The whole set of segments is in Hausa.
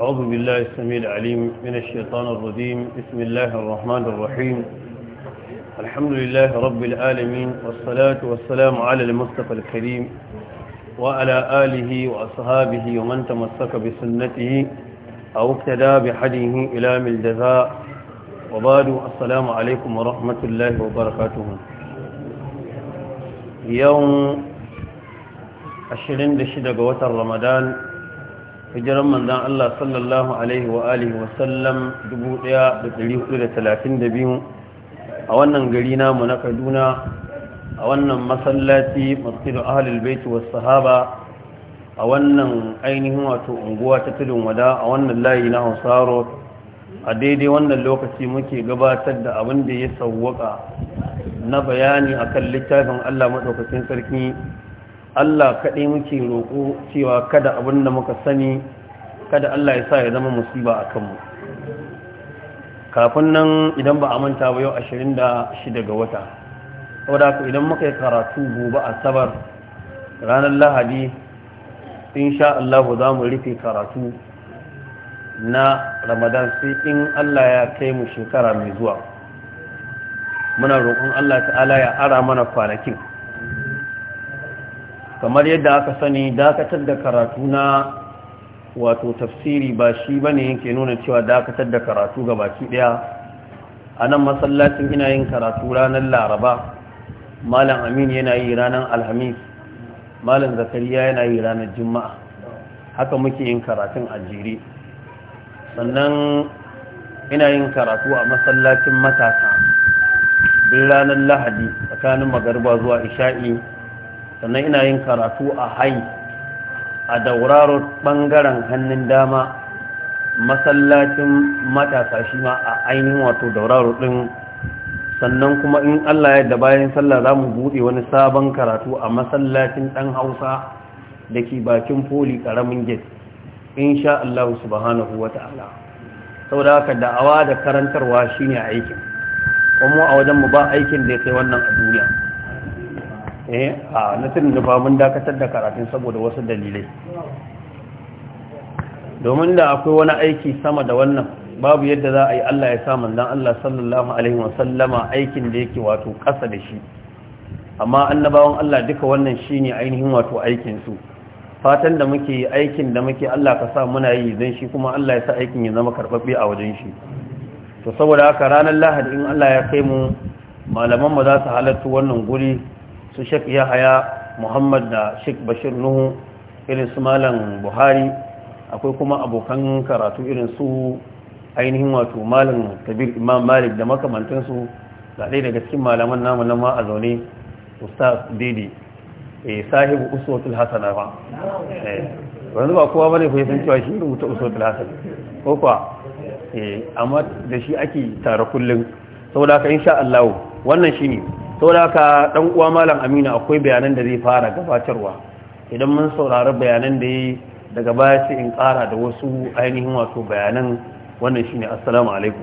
أعوذ بالله السميع العليم من الشيطان الرجيم بسم الله الرحمن الرحيم الحمد لله رب العالمين والصلاة والسلام على المصطفى الكريم وعلى آله وأصحابه ومن تمسك بسنته أو اقتدى بحديه إلى الجزاء وبعد السلام عليكم ورحمة الله وبركاته يوم 26 ga watan رمضان hijiran manzan Allah sallallahu alaihi wa alihi wasallam 1432 a wannan gari namu na Kaduna a wannan masallaci masjidu ahlul baiti was sahaba a wannan ainihin wato unguwa ta tudun wada a wannan layi na Hausaro a daidai wannan lokaci muke gabatar da abin da ya sawwaka na bayani akan littafin Allah madaukakin sarki Allah kaɗai muke roƙo cewa kada abin da muka sani kada Allah ya sa ya zama musiba a kanmu kafin nan idan ba a manta ba yau 26 ga wata saboda ku idan muka yi karatu gobe a sabar ranar lahadi in sha Allah za mu rufe karatu na ramadan sai in Allah ya kai mu shekara mai zuwa muna roƙon Allah ta'ala ya ara mana kwanakin kamar yadda aka sani dakatar da karatu na wato tafsiri ba shi ba ne yake nuna cewa dakatar da karatu ga baki daya a nan masallacin ina yin karatu ranar laraba malam amin yana yi ranar alhamis malam zakariya yana yi ranar juma'a haka muke yin karatun a sannan ina yin karatu a masallacin matasa bin ranar lahadi tsakanin magarba zuwa isha'i sannan ina yin karatu a hai a dauraro bangaren hannun dama masallacin matasa shi ma a ainihin wato dauraro din sannan kuma in Allah ya da bayan sallah za mu buɗe wani sabon karatu a masallacin ɗan hausa da ke bakin foli ƙaramin gate insha Allah subhanahu wa ta'ala sau da haka da'awa da karantarwa shine aikin kuma a wajen mu ba aikin da ya kai wannan a duniya eh a nasirin da mun dakatar da karatun saboda wasu dalilai domin da akwai wani aiki sama da wannan babu yadda za a yi Allah ya sa manzon Allah sallallahu alaihi wa sallama aikin da yake wato kasa da shi amma annabawan Allah duka wannan shine ainihin wato aikin su fatan da muke aikin da muke Allah ka sa muna yi dan shi kuma Allah ya sa aikin ya zama karbabbe a wajen shi to saboda haka ranar Lahadi in Allah ya kai mu malaman mu za su halarta wannan guri su shek haya muhammad da shek bashir nuhu irin su malam buhari akwai kuma abokan karatu irin su ainihin wato malam kabir imam malik da makamantansu da ɗaya daga cikin malaman namu na ma a zaune ustaz didi eh, sahibu uswatul hasana ba wanda eh, ba kowa bane fa san cewa shi rubuta uswatul hasana ko kuwa eh, amma da shi ake tare kullum saboda ka insha Allah wannan shi sau da haka dan uwa malam Aminu akwai bayanan da zai fara gabatarwa idan mun saurari bayanan da ya daga baya ce in ƙara da wasu ainihin wato bayanan wannan ne assalamu alaikum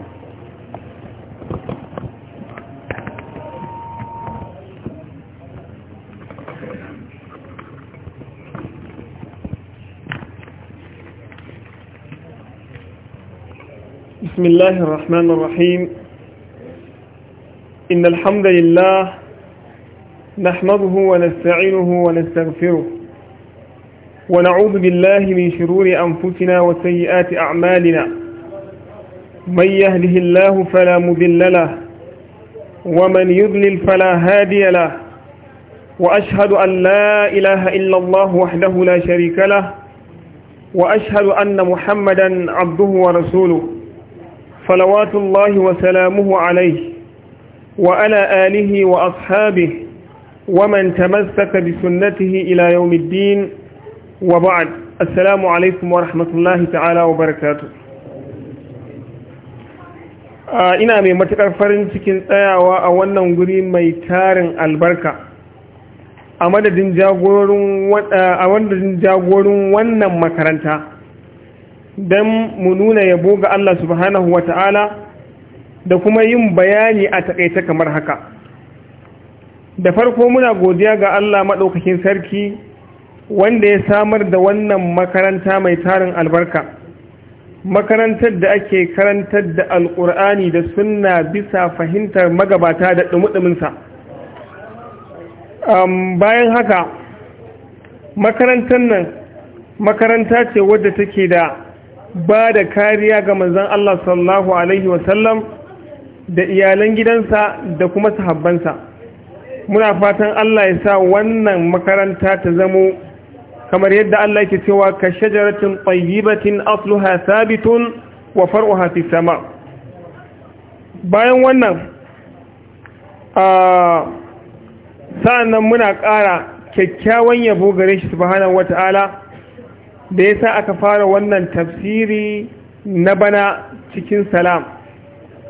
بسم الله الرحمن الرحيم إن الحمد لله نحمده ونستعينه ونستغفره ونعوذ بالله من شرور أنفسنا وسيئات أعمالنا من يهده الله فلا مذل له ومن يضلل فلا هادي له وأشهد أن لا إله إلا الله وحده لا شريك له وأشهد أن محمدا عبده ورسوله صلوات الله وسلامه عليه وعلى آله وأصحابه ومن تمسك بسنته إلى يوم الدين وبعد السلام عليكم ورحمة الله تعالى وبركاته ina mai matuƙar farin cikin tsayawa a wannan guri mai tarin albarka a madadin jagorin wannan makaranta don mu nuna yabo ga Allah subhanahu wa ta'ala da kuma yin bayani a taƙaita kamar haka da farko muna godiya ga Allah maɗaukakin sarki wanda ya samar da wannan makaranta mai tarin albarka makarantar da ake karantar da alƙur'ani da suna bisa fahimtar magabata da ɗumuɗuminsa bayan haka makarantar nan makaranta ce wadda take da ba da kariya ga manzan Allah sallallahu Alaihi wasallam da iyalan gidansa da kuma sahabbansa muna fatan Allah ya sa wannan makaranta ta zamo kamar yadda Allah yake cewa ka shajaratin tayyibatin asluha sabitun wa far'uha fi sama bayan wannan sa'annan muna ƙara kyakkyawan yabo gare shi subhanahu wata'ala da yasa aka fara wannan tafsiri na bana cikin salam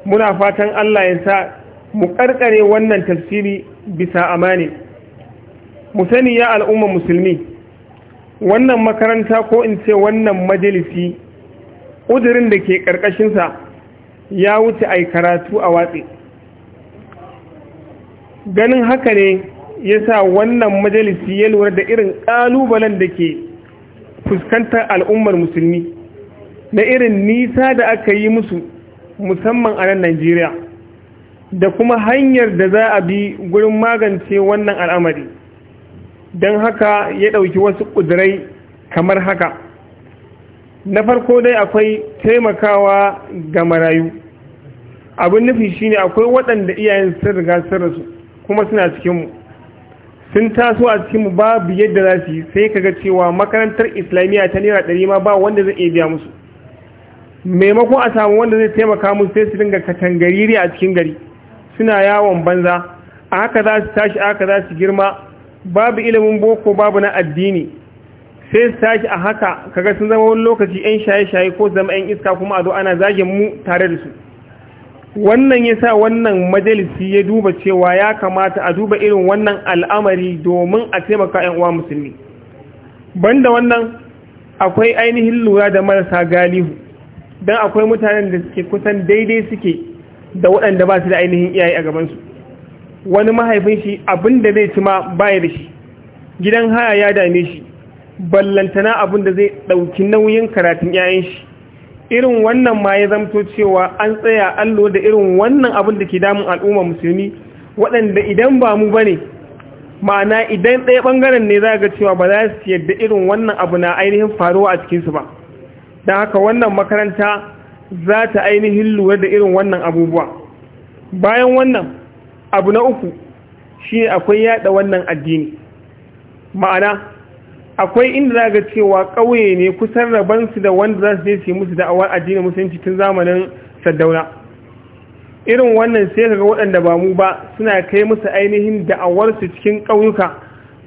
muna fatan Allah ya sa mu karkare wannan tafsiri bisa amani, mu sani ya al'umma musulmi wannan makaranta ko in ce wannan majalisi ƙudurin da ke ƙarƙashinsa ya wuce a karatu a watsi ganin haka ne ya sa wannan majalisi ya lura da irin ƙalubalen da ke fuskantar al'ummar musulmi na irin nisa da aka yi musu musamman a nan Najeriya da kuma hanyar da za a bi gurin magance wannan al'amari don haka ya ɗauki wasu ƙudurai kamar haka na farko dai akwai taimakawa ga marayu abin nufi shine akwai waɗanda iyayen sun riga sun rasu kuma suna cikinmu sun taso a cikinmu babu yadda za su yi sai kaga cewa makarantar islamiyya ta naira ɗari ma ba wanda zai iya biya musu maimakon a samu wanda zai taimaka musu sai su dinga katangariri a cikin gari suna yawon banza a haka za su tashi a haka za su girma babu ilimin boko babu na addini sai su tashi a haka kaga sun zama wani lokaci 'yan shaye-shaye ko zama 'yan iska kuma a zo ana zagin mu tare da su wannan ya sa wannan majalisi ya duba cewa ya kamata a duba irin wannan al'amari domin a taimaka 'yan uwa musulmi banda wannan akwai ainihin lura da marasa galihu don akwai mutanen da suke kusan daidai suke da waɗanda ba su da ainihin iyaye a gabansu wani mahaifin shi abinda zai cima baya da shi gidan haya ya dame shi ballantana abin da zai ɗauki nauyin karatun 'ya'yan shi irin wannan ma ya zamto cewa an tsaya allo da irin wannan abin da ke damun al'umma musulmi waɗanda idan ba mu ba ne ma'ana idan ɗaya ɓangaren ne za ga cewa ba za su yadda irin wannan abu na ainihin faruwa a cikinsu ba da haka wannan makaranta za ta ainihin lura da irin wannan abubuwa bayan wannan abu na uku shi akwai yada wannan addini ma'ana akwai inda za ga cewa ƙauye ne kusan rabansu da wanda za su je yi musu da'awar addini musulunci tun zamanin saddauna irin wannan sai ka ga waɗanda ba mu ba suna kai musu ainihin da'awarsu cikin ƙauyuka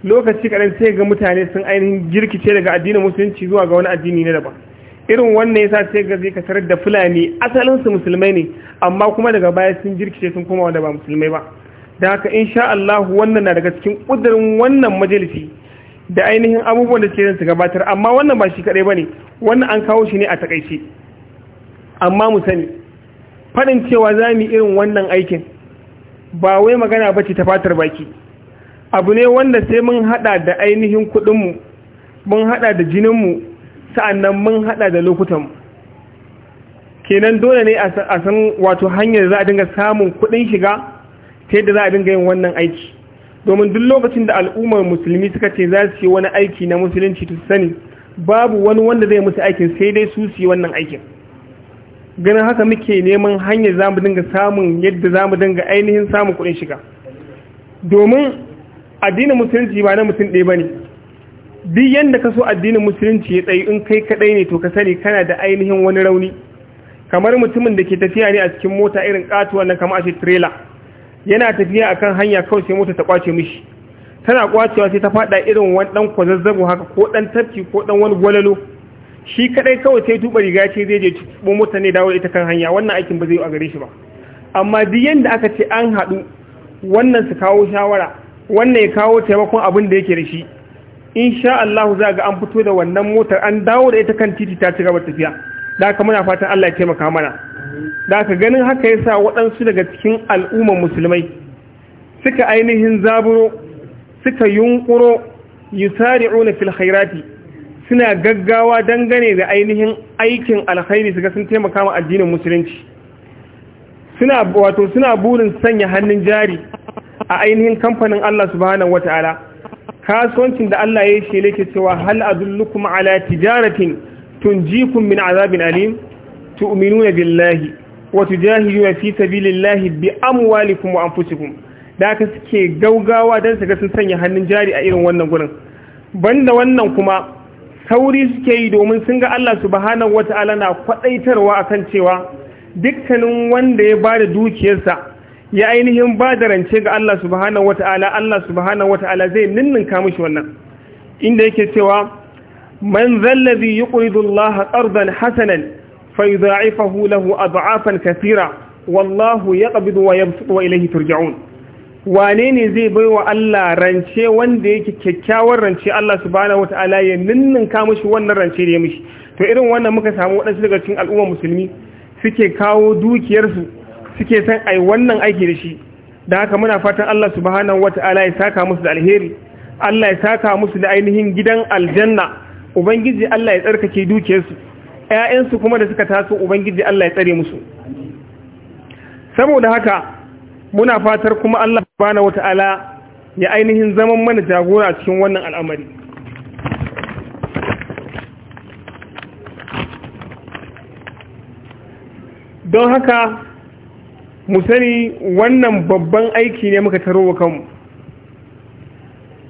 lokaci kaɗan sai ga mutane sun ainihin girkice daga addinin musulunci zuwa ga wani addini na daban irin wannan yasa sai ga zai ka da fulani asalinsu musulmai ne amma kuma daga baya sun jirkice sun koma wanda ba musulmai ba da haka insha Allah wannan na daga cikin kudurin wannan majalisi da ainihin abubuwan da ke su gabatar amma wannan ba shi kadai ba ne. wannan an kawo shi ne a takaice amma mu sani fadin cewa za mu irin wannan aikin ba wai magana ba ce ta fatar baki abu ne wanda sai mun hada da ainihin kudin mu mun haɗa da jinin mu sa'annan mun haɗa da lokutan kenan dole ne a san wato hanyar za a dinga samun kuɗin shiga ta yadda za a dinga yin wannan aiki domin duk lokacin da al'ummar musulmi suka ce za su yi wani aiki na musulunci su sani babu wani wanda zai musu aikin sai dai su su yi wannan aikin ganin haka muke neman hanyar za mu dinga samun yadda za mu dinga ainihin samun kuɗin shiga domin addinin musulunci ba na mutum ɗaya ba ne duk yanda ka so addinin musulunci ya tsayi in kai kaɗai ne to ka sani kana da ainihin wani rauni kamar mutumin da ke tafiya ne a cikin mota irin katuwa na kama ashe ce yana tafiya akan hanya kawai sai mota ta kwace mishi tana kwacewa sai ta fada irin wani dan kwazazzabo haka ko dan tafki ko dan wani gwalalo shi kaɗai kawai sai tuba riga ce zai je tubo mota ne dawo ita kan hanya wannan aikin ba zai yi a gare shi ba amma duk yanda aka ce an haɗu wannan su kawo shawara wannan ya kawo taimakon abin da yake da shi insha Allah za ga an fito da wannan motar an dawo da ita kan titi ta ci gaba tafiya da haka muna fatan Allah ya taimaka mana da haka ganin haka yasa waɗansu daga cikin al'ummar musulmai suka ainihin zaburo suka yunkuro yusari'una fil khairati suna gaggawa dangane da ainihin aikin alkhairi suka sun taimaka ma addinin musulunci suna wato suna burin sanya hannun jari a ainihin kamfanin Allah subhanahu wata'ala kasuwancin da Allah ya yi shi yake cewa hal adullukum ala tijaratin tunjikum min azabin alim tu'minuna billahi wa tujahiduna fi sabilillahi bi amwalikum wa anfusikum da ka suke gaugawa dan su ga sanya hannun jari a irin wannan gurin banda wannan kuma sauri suke yi domin sun ga Allah subhanahu wataala na kwadaitarwa akan cewa dukkanin wanda ya ba da dukiyarsa ya ainihin ba da rance ga Allah subhanahu wata'ala Allah subhanahu wata'ala zai ninninka mishi wannan inda yake cewa man zallazi yuqridu Allah qardan hasanan fayudha'ifahu lahu ad'afan kathira wallahu yaqbidu wa yabsutu wa ilayhi turja'un wane ne zai baiwa Allah rance wanda yake kyakkyawar rance Allah subhanahu wata'ala ya ninninka mishi wannan rance da ya mishi to irin wannan muka samu wadansu daga cikin al'umma musulmi suke kawo dukiyarsu suke son ai wannan aiki da shi da haka muna fatan Allah subhanahu wata'ala ya saka musu da alheri Allah ya saka musu da ainihin gidan aljanna ubangiji Allah ya tsarkake dukiyarsu ƴaƴansu kuma da suka taso ubangiji Allah ya tsare musu saboda haka muna fatar kuma Allah subhanahu wata'ala ya ainihin zaman mana jagora cikin wannan al'amari don haka mu sani wannan babban aiki ne muka taro wa kanmu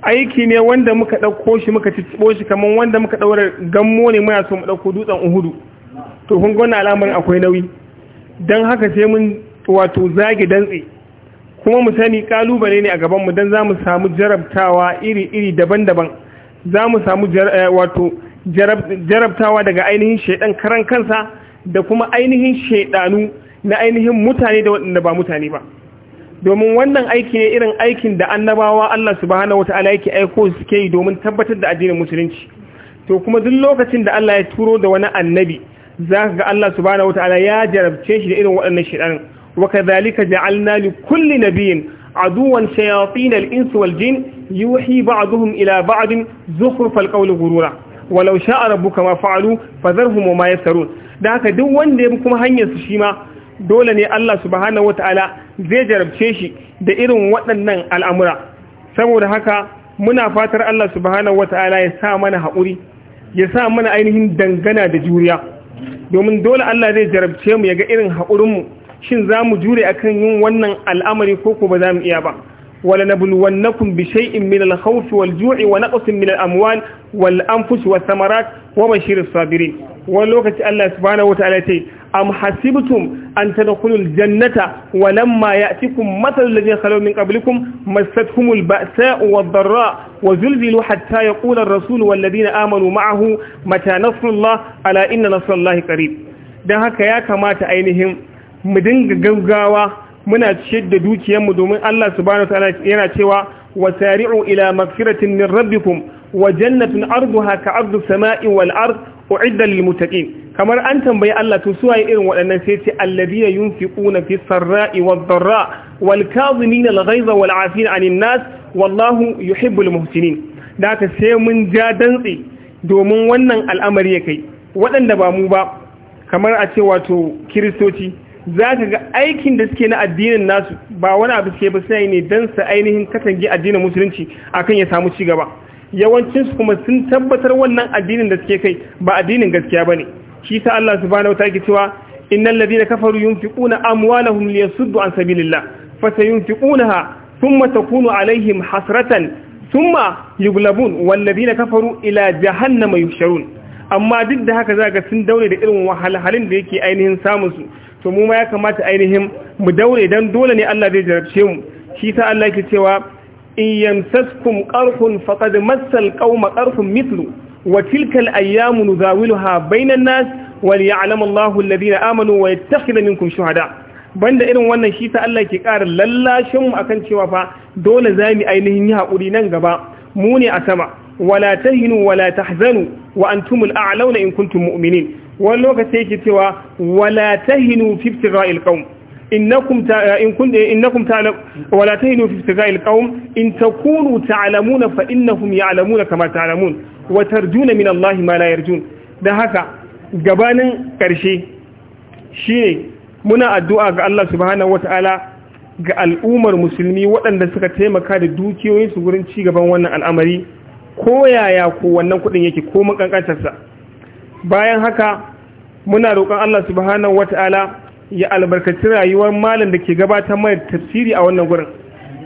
aiki ne wanda muka ɗauko shi muka cicciɓo shi kamar wanda muka ɗaura gammo ne muna so mu ɗauko dutsen uhudu to kun gona alamar akwai nauyi don haka sai mun wato zage dantse kuma mu sani kalubale ne a gabanmu don za mu samu jarabtawa iri-iri daban-daban za mu samu eh, wato jarabtawa daga ainihin shaidan karan kansa da kuma ainihin shaidanu na ainihin mutane da waɗanda ba mutane ba domin wannan aiki ne irin aikin da annabawa Allah subhanahu wataala yake aiko suke yi domin tabbatar da addinin musulunci to kuma duk lokacin da Allah ya turo da wani annabi zaka ga Allah subhanahu wataala ya jarabce shi da irin waɗannan shedanin wa kadhalika ja'alna li kulli nabiyyin aduwan shayatin al-ins wal jin yuhi ba'dhum ila ba'd zukhrufal qawli ghurura walau sha'a rabbuka ma fa'alu fadharhum ma yasrun da haka duk wanda ya bi kuma hanyar su shi ma dole ne Allah subhanahu wataala zai jarabce shi da irin waɗannan al'amura saboda haka muna fatar Allah subhanahu wataala ya sa mana haƙuri ya sa mana ainihin dangana da juriya domin dole Allah zai jarabce mu ya ga irin haƙurinmu shin za mu jure akan yin wannan al'amari ko ko ba za mu iya ba ولنبلونكم بشيء من الخوف والجوع ونقص من الأموال والأنفس والثمرات وبشر الصابرين ولوكت الله سبحانه وتعالى أم حسبتم أن تدخلوا الجنة ولما يأتكم مثل الذين خلوا من قبلكم مستهم البأساء والضراء وزلزلوا حتى يقول الرسول والذين آمنوا معه متى نصر الله ألا إن نصر الله قريب ده هكا يا كما تأينهم مدنق قوقاوة muna ciyar da dukiyarmu domin Allah subhanahu wataala yana cewa wasari'u ila magfiratin min rabbikum wa jannatin arduha ka ardu sama'i wal ard u'idda lil muttaqin kamar an tambayi Allah to suwaye irin waɗannan sai ce alladhina yunfiquna fi sarra'i wad dharra wal kadhimina al ghayza wal 'afina 'anil nas wallahu yuhibbul muhsinin da ka sai mun ja dantse domin wannan al'amari ya kai waɗanda ba mu ba kamar a ce wato kiristoci za ka ga aikin da suke na addinin nasu ba wani abu suke ba sai ne don su ainihin katange addinin musulunci akan ya samu cigaba yawancinsu kuma sun tabbatar wannan addinin da suke kai ba addinin gaskiya ba ne shi sa Allah subhanahu wa ta'ala cewa innal ladina kafaru yunfiquna amwalahum liyasuddu an sabilillah fasayunfiqunaha thumma takunu alaihim hasratan thumma yughlabun wal ladina kafaru ila jahannama yuhsharun amma duk da haka zaka sun daure da irin wahalhalin da yake ainihin samun su to mu ma ya kamata ainihin mu daure dan dole ne Allah zai jarabce mu shi ta Allah ke cewa in yamsaskum qarhun faqad massal qauma qarhun mithlu wa tilka al-ayyamu nuzawiluha bainan nas wal Allahu alladhina amanu wa yattakhidha minkum shuhada banda irin wannan shi ta Allah ke ƙara lallashin mu akan cewa fa dole zamu ainihin yi hakuri nan gaba mu ne a sama wala tahinu wala tahzanu wa antumul a'launa in kuntum mu'minin wani lokaci yake cewa wala tahinu fi ibtira'il qaum innakum eh, in kun eh, innakum wala tahinu fi ibtira'il in takunu ta'lamuna fa innahum ya'lamuna kama ta'lamun wa tarjuna min Allah ma la yarjun da haka gabanin karshe shine muna addu'a ga Allah subhanahu wata'ala ga al'ummar musulmi waɗanda suka taimaka da dukiyoyinsu gurin ci gaban wannan al'amari ko yaya ko wannan kuɗin yake ko makankantarsa bayan haka muna roƙon Allah subhanahu wata'ala ya albarkaci rayuwar malam da ke gabatar mai tafsiri a wannan gurin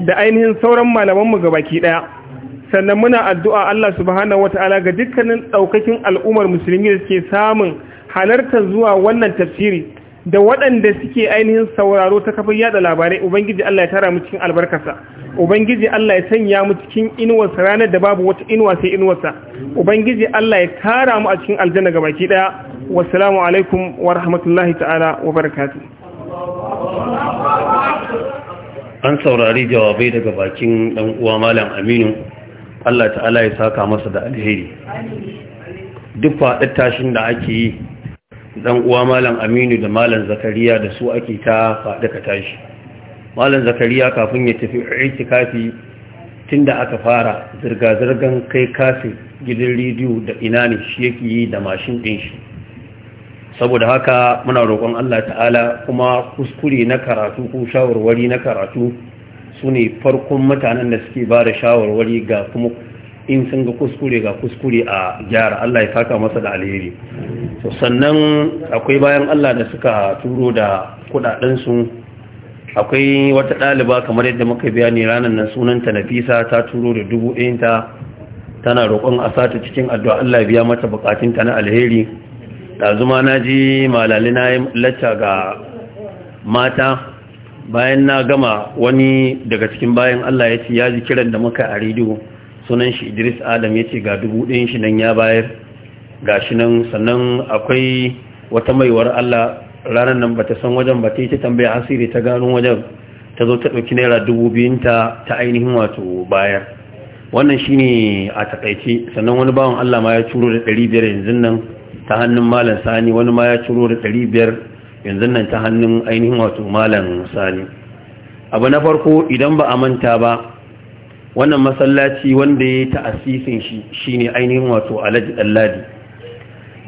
da ainihin sauran malamanmu gabaki ɗaya, sannan muna addu'a Allah subhanahu wata'ala ga dukkanin ɗaukakin al'ummar musulmi da suke samun halartar zuwa wannan tafsiri da waɗanda suke ainihin sauraro ta kafin yada labarai ubangiji Allah ya tara mu cikin albarkarsa ubangiji Allah ya sanya mu cikin inuwarsa ranar da babu wata inuwa sai inuwarsa ubangiji Allah ya kara mu a cikin aljanna gabaki daya wassalamu alaikum wa rahmatullahi ta'ala wa barakatuh an saurari jawabai daga bakin dan uwa malam Aminu Allah ta'ala ya saka masa da alheri duk faɗin tashin da ake yi dan uwa malam Aminu da malam Zakariya da su ake ta faɗi ka tashi malam zakariya kafin ya tafi itikafi tun da aka fara zirga-zirgan kai kafi gidan rediyo da ina ne shi yake yi da mashin ɗin shi saboda haka muna roƙon Allah ta'ala kuma kuskure na karatu ko shawarwari na karatu su ne farkon mutanen da suke ba da shawarwari ga kuma in sun ga kuskure ga kuskure a gyara Allah ya faka masa da alheri sannan akwai bayan Allah da suka turo da su akwai wata ɗaliba kamar yadda muka bayani ranar nan sunanta nafisa ta turo da dubu ɗayanta tana roƙon a sata cikin addu'a Allah biya mata ta na alheri ɗazuma na ji malali na lacca ga mata bayan na gama wani daga cikin bayan Allah ya ce ya ji kiran da muka a rediyo sunan shi idris adam ya ce ga dubu ɗayin shi nan ya bayar ga shi nan sannan akwai wata maiwar Allah ranar nan ba ta san wajen ba ta yi ta tambaya asiri ta gano wajen ta zo ta ɗauki naira dubu biyun ta ta ainihin wato bayar wannan shi ne a takaice sannan wani bawan Allah ma ya curo da ɗari biyar yanzu nan ta hannun malam sani wani ma ya curo da ɗari biyar yanzu nan ta hannun ainihin wato malam sani abu na farko idan ba a manta ba wannan masallaci wanda ya ta asisin shi shine ainihin wato alhaji ɗalladi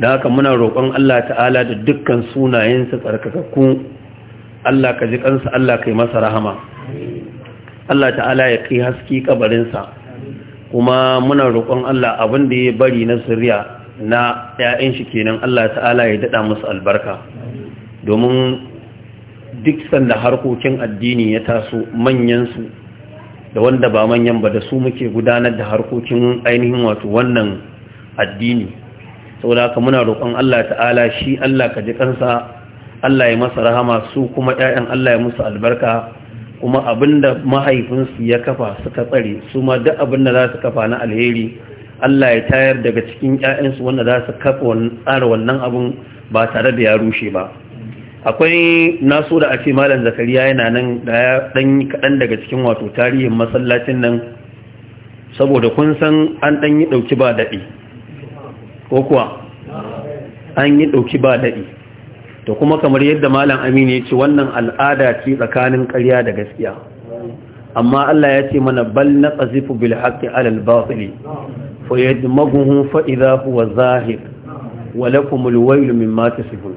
da haka muna roƙon Allah ta'ala da dukkan sunayensa tsarkakakku Allah ka ji kansa Allah ka yi masa rahama Allah ta'ala ya kai haski kabarinsa kuma muna roƙon Allah abin da ya bari na sirriya na 'ya'yan shi kenan Allah ta'ala ya daɗa musu albarka domin duk sanda harkokin addini ya taso manyansu da wanda ba manyan ba da su muke gudanar da harkokin ainihin wato wannan addini saboda haka muna roƙon Allah ta'ala shi Allah ka ji kansa Allah ya masa rahama su kuma ƴaƴan Allah ya musu albarka kuma abinda mahaifinsu ya kafa suka tsare su ma duk abinda za su kafa na alheri Allah ya tayar daga cikin ƴaƴansu wanda za su kafa tsara wannan abun ba tare da ya rushe ba akwai naso da ake malam zakariya yana nan da ya dan kadan daga cikin wato tarihin masallacin nan saboda kun san an dan yi dauki ba daɗi. ko kuwa an yi ɗauki ba daɗi to kuma kamar yadda malam aminu ya ce wannan al'ada ce tsakanin ƙarya da gaskiya amma Allah ya ce mana bal na ƙazifu bil haƙƙi alal batili fa yadmaghuhu fa idha wa zahir wa wailu min mata su hun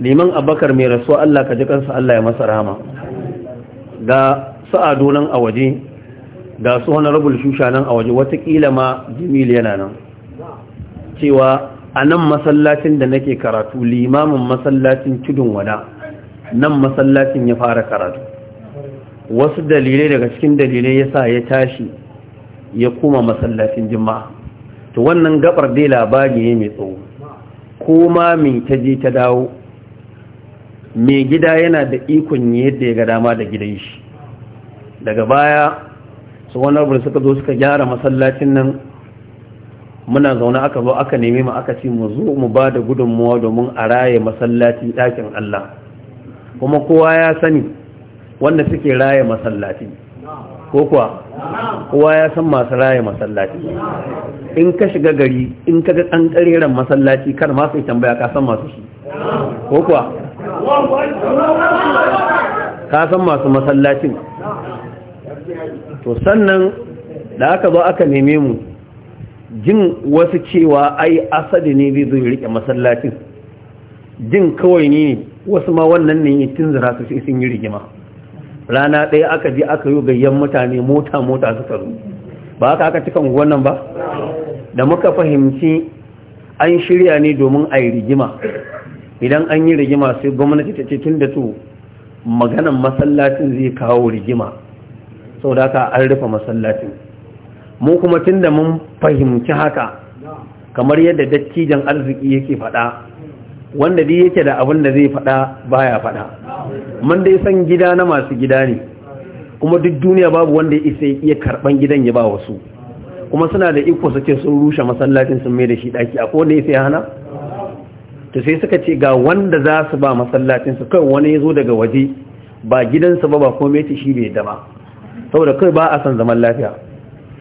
liman abakar mai rasuwa Allah ka ji kansa Allah ya masa rahama ga sa'ado nan a waje ga su honorable shusha nan a waje watakila ma jimil yana nan cewa a nan masallacin da nake karatu limamin masallacin tudun wada nan masallacin ya fara karatu wasu dalilai daga cikin dalilai ya sa ya tashi ya kuma masallacin jima'a to wannan gabar dai labari ne mai tsawo koma mai ta je ta dawo mai gida yana da ikon yadda ya ga dama da gidan shi daga baya su wani abu suka zo suka gyara masallacin nan muna zaune aka zo aka neme mu aka ce mu zo mu ba da gudunmuwa domin a raye masallaci ɗakin Allah kuma kowa ya sani wanda suke raye masallaci ko kuwa kowa ya san masu raye masallaci in ka shiga gari in ka ga ɗan ƙareren masallaci kar ma sai tambaya ka san masu shi ko kuwa ka san masu masallacin to sannan da aka zo aka neme mu jin wasu cewa ai asadi ne zai zo ya rike masallacin jin kawai ne wasu ma wannan ne ya zira su sai sun yi rigima rana ɗaya aka je aka yi gayyan mutane mota-mota suka zo ba aka aka cikin wannan ba da muka fahimci an shirya ne domin a yi rigima idan an yi rigima sai gwamnati ta ce tun da to maganan masallacin zai kawo rigima sau da aka an rufe masallacin mu kuma tun da mun fahimci haka kamar yadda dattijan arziki yake faɗa wanda dai yake da abin da zai faɗa baya faɗa mun dai san gida na masu gida ne kuma duk duniya babu wanda ya isa iya karɓan gidan ya ba wasu kuma suna da iko su sun rushe masallacin sun mai da shi ɗaki a kowane ya sai hana to sai suka ce ga wanda za su ba masallacin su kai wani ya zo daga waje ba gidansa ba ba komai ta shi bai dama saboda kai ba a san zaman lafiya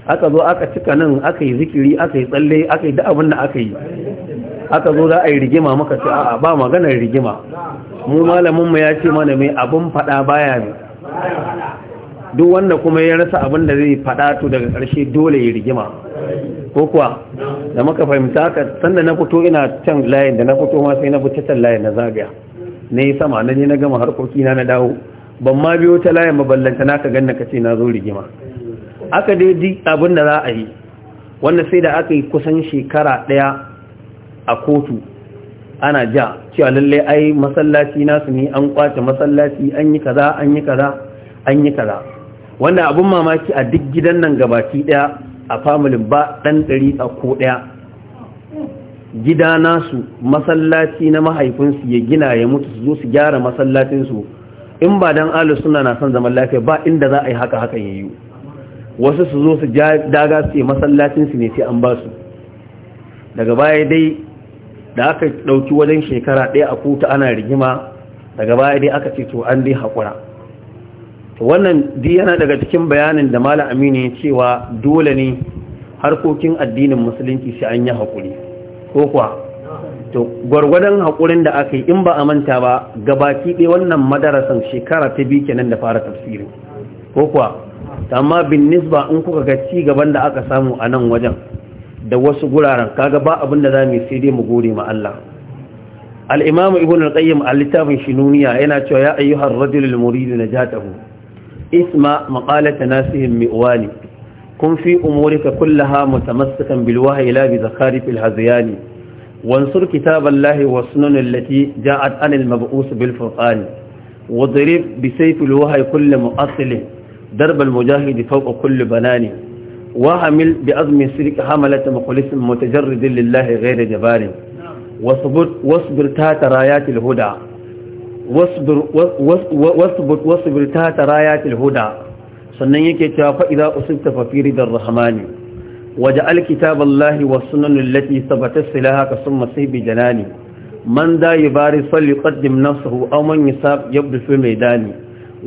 aka zo aka cika nan aka yi zikiri aka yi tsalle aka yi da abin da aka yi aka zo za a yi rigima maka ce a ba maganar rigima mu malaminmu ya ce mana mai abin faɗa baya ne duk wanda kuma ya rasa abin da zai faɗa to daga karshe dole ya rigima ko kuwa da muka fahimta haka sanda na fito ina can layin da na fito ma sai na fita can layin na zagaya na yi sama na je na gama harkoki na na dawo ban ma biyo ta layin maballanta na ka ganna ka ce na zo rigima aka dai abin da za a yi wanda sai da aka yi kusan shekara ɗaya a kotu ana ja cewa lalle ai masallaci nasu ne an kwace masallaci an yi kaza an yi kaza an yi kaza wanda abin mamaki a duk gidan nan gabaki ɗaya a familin ba ɗan ɗari a ko ɗaya gida nasu masallaci na mahaifinsu ya gina ya mutu su zo su gyara masallacinsu in ba don alu suna na son zaman lafiya ba inda za a yi haka hakan yayi wasu su zo su daga su ce masallacinsu ne sai an ba su daga baya dai da aka ɗauki wajen shekara ɗaya a kuta ana rigima daga baya dai aka ce to an dai haƙura wannan di yana daga cikin bayanin da malam aminu ya cewa dole ne harkokin addinin musulunci sai an yi haƙuri ko kuwa to gwargwadon haƙurin da aka yi in ba a manta ba gabaki ɗaya wannan madarasan shekara ta biyu kenan da fara tafsirin ko kuwa amma bin nisba in kuka ga ci gaban da aka samu a nan wajen da wasu guraren kaga ba abin da za mu sai dai mu gode ma Allah al-imam ibn al-qayyim al-litafin shinuniya yana cewa ya ayyuhar rajul al-murid najatahu isma maqalat nasihim miwali kun fi umurika kullaha mutamassikan bil wahyi la bi zakari fil hazyani وانصر كتاب الله والسنن التي جاءت عن المبعوث بالفرقان واضرب بسيف الوهي كل مؤصل ضرب المجاهد فوق كل بنان وحمل بأظم سرك حملة مخلص متجرد لله غير جبار واصبر واصبر تحت رايات الهدى واصبر واصبر واصبر تحت رايات الهدى sannan yake cewa fa idza usibta fa fi Waje rahmani waja'al kitaballahi was sunan allati sabata silaha ka summa saybi janani man da yubari sal yuqaddim nafsuhu aw man yasab yabdu mai dani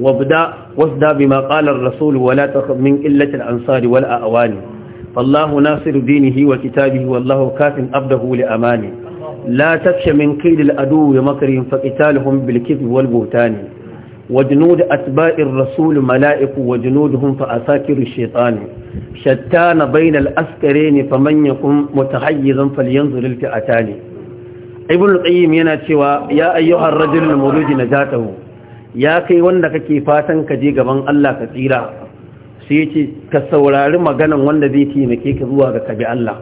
وابدا وابدا بما قال الرسول ولا تخف من قلة الأنصار والأواني فالله ناصر دينه وكتابه والله كاف أبده لأمانه لا تخش من كيد الأدو ومكرهم فقتالهم بالكذب والبهتان وجنود أتباع الرسول ملائك وجنودهم فأساكر الشيطان شتان بين الأسكرين فمن يكن متحيزا فلينظر الفئتان ابن القيم يناتشوا يا أيها الرجل المولود نجاته ya kai wanda kake fatan ka je gaban Allah ka tsira sai ya ce ka saurari maganan wanda zai taimake ka zuwa ga kabi Allah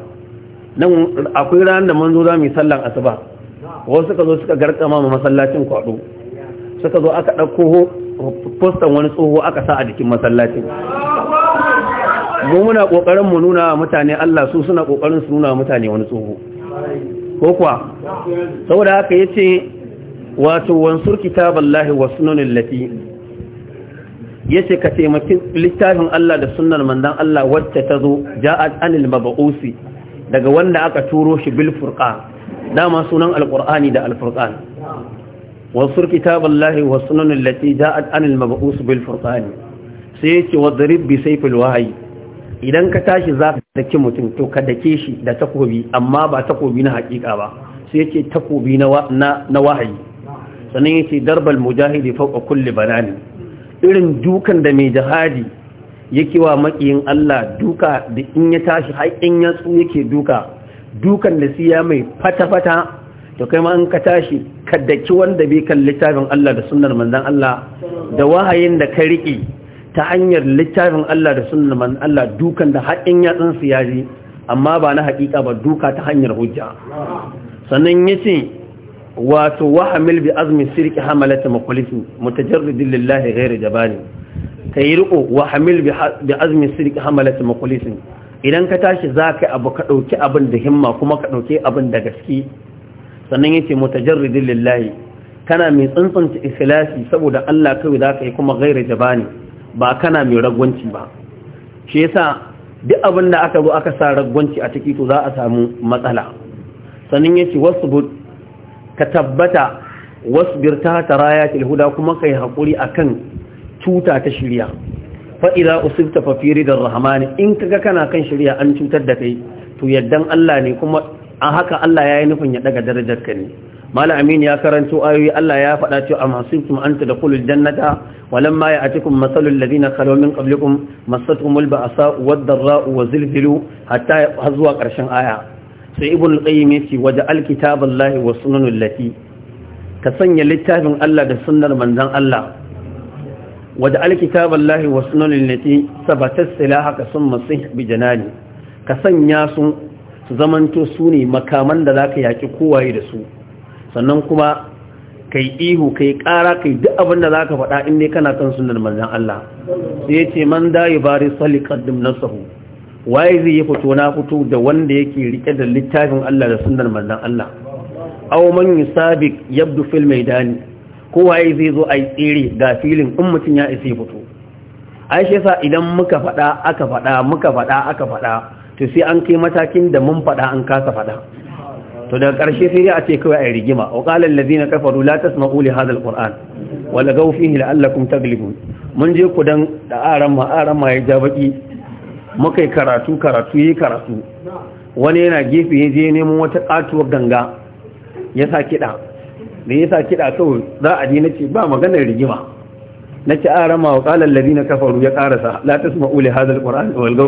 nan akwai ranar da manzo za mu yi sallan asuba wasu suka zo suka garkama ma masallacin kwado suka zo aka ɗauko fostan wani tsoho aka sa a jikin masallacin mu muna kokarin mu nuna mutane Allah su suna kokarin su nuna mutane wani tsoho ko kuwa saboda haka yace wato wansur kitaballahi wa sunanin lati ce ka taimaki littafin Allah da sunnar mandan Allah wacce ta zo ja'at anil mab'usi daga wanda aka turo shi bil dama sunan alqur'ani da alfurqan wansur kitaballahi wa sunanin lati ja'at anil mab'us bil furqan sai yace wadrib bi sayfil idan ka tashi za ka daki mutum to ka dake shi da takobi amma ba takobi na hakika ba sai ce takobi na na wahayi sannan yake darbal mujahidi fawqa kulli banani irin dukan da mai jihadi yake wa makiyin Allah duka da in ya tashi har in ya tsu yake duka dukan da siya mai fata fata to kai ma an ka tashi ka daki wanda bai kan littafin Allah da sunnar manzon Allah da wahayin da ka rike ta hanyar littafin Allah da sunnar manzon Allah dukan da har in ya tsin siyaji amma ba na hakika ba duka ta hanyar hujja sannan yace wato wahamil bi azmin sirki hamalata makulifi mutajarridin lillahi gairu jabani ka yi riko wahamil bi azmin sirki hamalata makulifi idan ka tashi za ka abu ka ɗauki abin da himma kuma ka ɗauki abin da gaske sannan yake mutajarridin lillahi kana mai tsantsanta ikhlasi saboda Allah kawai za ka yi kuma gairu jabani ba kana mai ragwanci ba shi yasa duk abin da aka zo aka sa ragwanci a ciki to za a samu matsala sannan yace wasbud ka tabbata wasbir ta rayatil huda kuma kai hakuri akan cuta ta shirya fa idza usibta fa ne. In ka in kaga kana kan shirya an cutar da kai to yaddan Allah ne kuma a haka Allah ya yi nufin ya daga darajar ka ne mala amin ya karanto ayoyi Allah ya faɗa cewa am hasibtum an tadkhulul jannata walamma ya'atikum masalul ladina khalu min qablikum massatuhumul ba'sa wad-dharra'u wa zilzilu hatta zuwa ƙarshen aya sai ibn al-qayyim yace waja al-kitaballahi wa sunanul lati ka sanya littafin Allah da sunnar manzon Allah waja al-kitaballahi wa sunanul lati sabatat silahaka summa sih bi janani ka sanya su su zamanto su ne makaman da zaka yaki kowaye da su sannan kuma kai ihu kai kara kai duk abin da zaka faɗa in dai kana kan sunnar manzon Allah sai yace man da yubari sali nasahu waye zai yi fito na fito da wanda yake rike da littafin Allah da sunnar manzon Allah aw man yusabiq yabdu fil maidani ko waye zai zo ai tsere ga filin in mutun ya isa fito ai shi idan muka fada aka fada muka fada aka fada to sai an kai matakin da mun fada an kasa fada to daga karshe sai dai a ce kawai ai rigima wa qala allazina kafaru la tasma'u li hadha alquran wa lagaw fihi la'allakum taglibun mun je ku dan da aran ma aran ma ya ja baki muka yi karatu karatu yi karatu wani yana gefe ya je neman wata katuwar ganga ya sa kiɗa da ya sa kiɗa kawai za a je na ce ba maganar rigima na ce a rama wa ƙalar lari na kafaru ya ƙarasa la ta suma ule hazar ƙwar'ani wal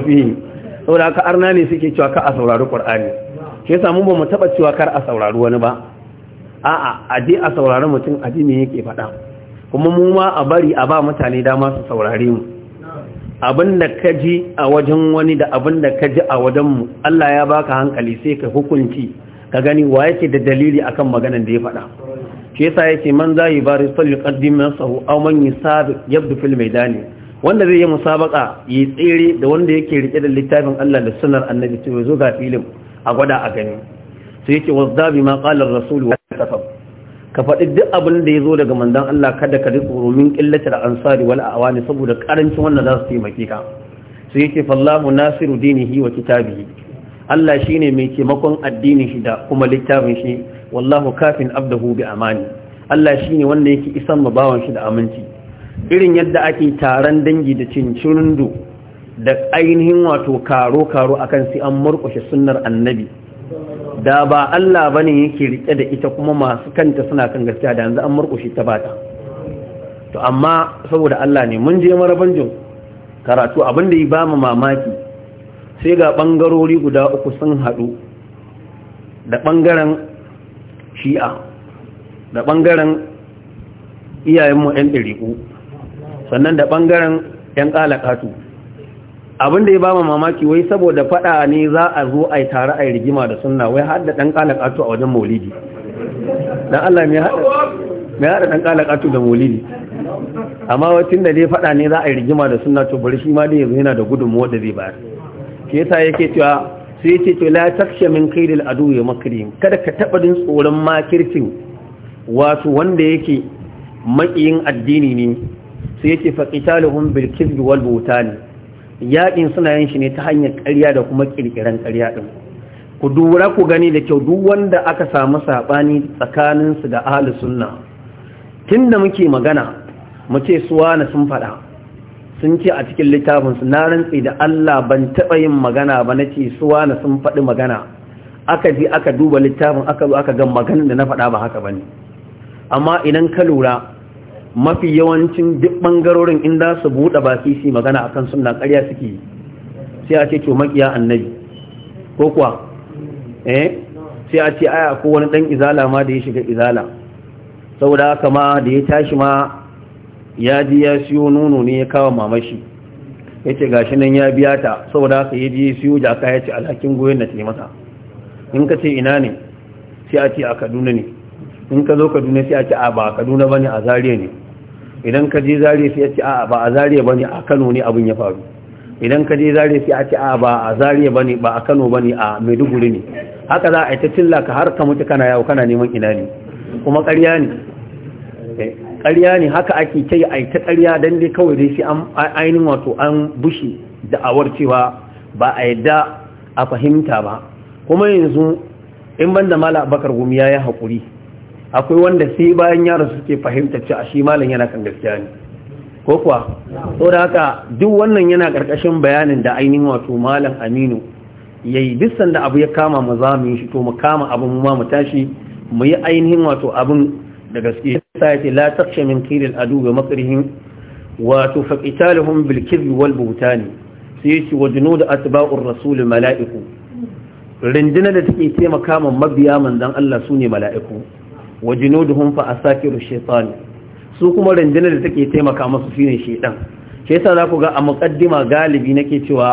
sau da aka arna ne suke cewa ka a saurari ƙwar'ani ke samu ba mu taɓa cewa kar a saurari wani ba a'a a je a saurari mutum a ji ne yake faɗa kuma mu ma a bari a ba mutane dama su saurare mu abinda ka ji a wajen wani da abinda ka ji a wajenmu Allah ya baka hankali sai ka hukunci ka gani wa yake da dalili akan maganar da ya faɗa shi yasa yake man za yi bari salli qaddim nasahu aw man yusabiq yabdu fil wanda zai yi musabaka yi tsere da wanda yake rike da littafin Allah da sunnar annabi to zo ga filin a gwada a gani sai yake wazdabi ma qala ar-rasul ka faɗi duk abin da ya zo daga manzon Allah kada ka riƙo rumin da ansari wal wani saboda ƙarancin wanda za su taimake ka su yake fallahu nasiru dinihi wa kitabihi Allah shine mai taimakon addinin shi da kuma littafin shi wallahu kafin abdahu bi amani Allah shine wanda yake isan mabawan shi da aminci irin yadda ake taron dangi da cincirindu da ainihin wato karo-karo akan sai an murƙushe sunnar annabi da ba Allah ba ne yake rike da ita kuma masu kanta suna kan gaskiya da yanzu an murkushe ta bata to amma saboda Allah ne mun je marabanjin jin karatu abinda yi ba mu mamaki sai ga ɓangarori guda uku sun haɗu, da ɓangaren shi'a da ɓangaren iyayenmu 'yan ɗari'u, sannan da ɓangaren 'yan ƙalaƙatu abin da ya mu mamaki wai saboda fada ne za a zo a yi tare a yi rigima da sunna wai har da dan kala katu a wajen maulidi dan Allah me hada me hada dan kala da maulidi amma wacin da dai fada ne za a yi rigima da sunna to bari shi ma dai yanzu yana da gudunmuwa wanda zai bayar ke yasa yake cewa sai ce to la taksha min kaidil adu ya makrim kada ka taba din tsoron makircin wato wanda yake makiyin addini ne sai yake faqitaluhum bil kizbi wal butani yaƙin suna yin shi ne ta hanyar ƙarya da kuma ƙirƙiran ƙarya ɗin ku dura ku gani da kyau duk wanda aka samu saɓani tsakaninsu da ahalu sunna tun da muke magana mu ce suwana sun faɗa sun ce a cikin littafinsu na rantse da Allah ban taɓa yin magana ba na ce suwana sun faɗi magana aka ji aka duba littafin aka zo aka ga maganin da na faɗa ba haka ba ne amma idan ka lura mafi yawancin duk bangarorin in su buɗe baki su magana a akan sunna ƙarya suke yi sai a ce ke makiya annabi ko kuwa eh sai a ce aya ko wani dan izala ma da ya shiga izala saboda haka ma da ya tashi ma ya ji ya siyo nono ne ya kawo mamashi ya ce gashi nan ya biya ta saboda haka ya ji ya siyo jaka ya ce alhakin goyon da ta yi masa in ka ce ina ne sai a ce a kaduna ne in ka zo kaduna sai a ce a ba kaduna ba ne a zariya ne idan ka je zariya sai a ce a'a ba a zariya bane a Kano ne abin ya faru idan ka je zariya sai a ce a'a ba a zariya bane ba a Kano bane a Maiduguri ne haka za a yi ta cilla ka har ka mutu kana yawo kana neman ina ne kuma ƙarya ne eh, ƙarya ne haka ake ta yi a ta ƙarya don dai kawai dai sai an ainihin wato an bushe da'awar cewa ba a yadda a fahimta ba kuma yanzu in banda mala abakar gumi ya yi haƙuri akwai wanda sai bayan yaro suke fahimta a shi malam yana kan gaskiya ne ko kuwa saboda haka duk wannan yana karkashin bayanin da ainihin wato malam Aminu yayi duk sanda abu ya kama mu za mu yi shi to mu kama abin mu ma mu tashi mu yi ainihin wato abin da gaske sai ce la taqsha min qil al adu bi makrihim wa tufaqitaluhum bil kidh wal buhtan sai ce wa junud atba'ur rasul mala'iku rindina da take taimaka mabiya manzon Allah sune mala'iku wa junuduhum fa asakiru shaytan su kuma rundunar da take taimaka musu shine shaytan shi yasa za ku ga a muqaddima galibi nake cewa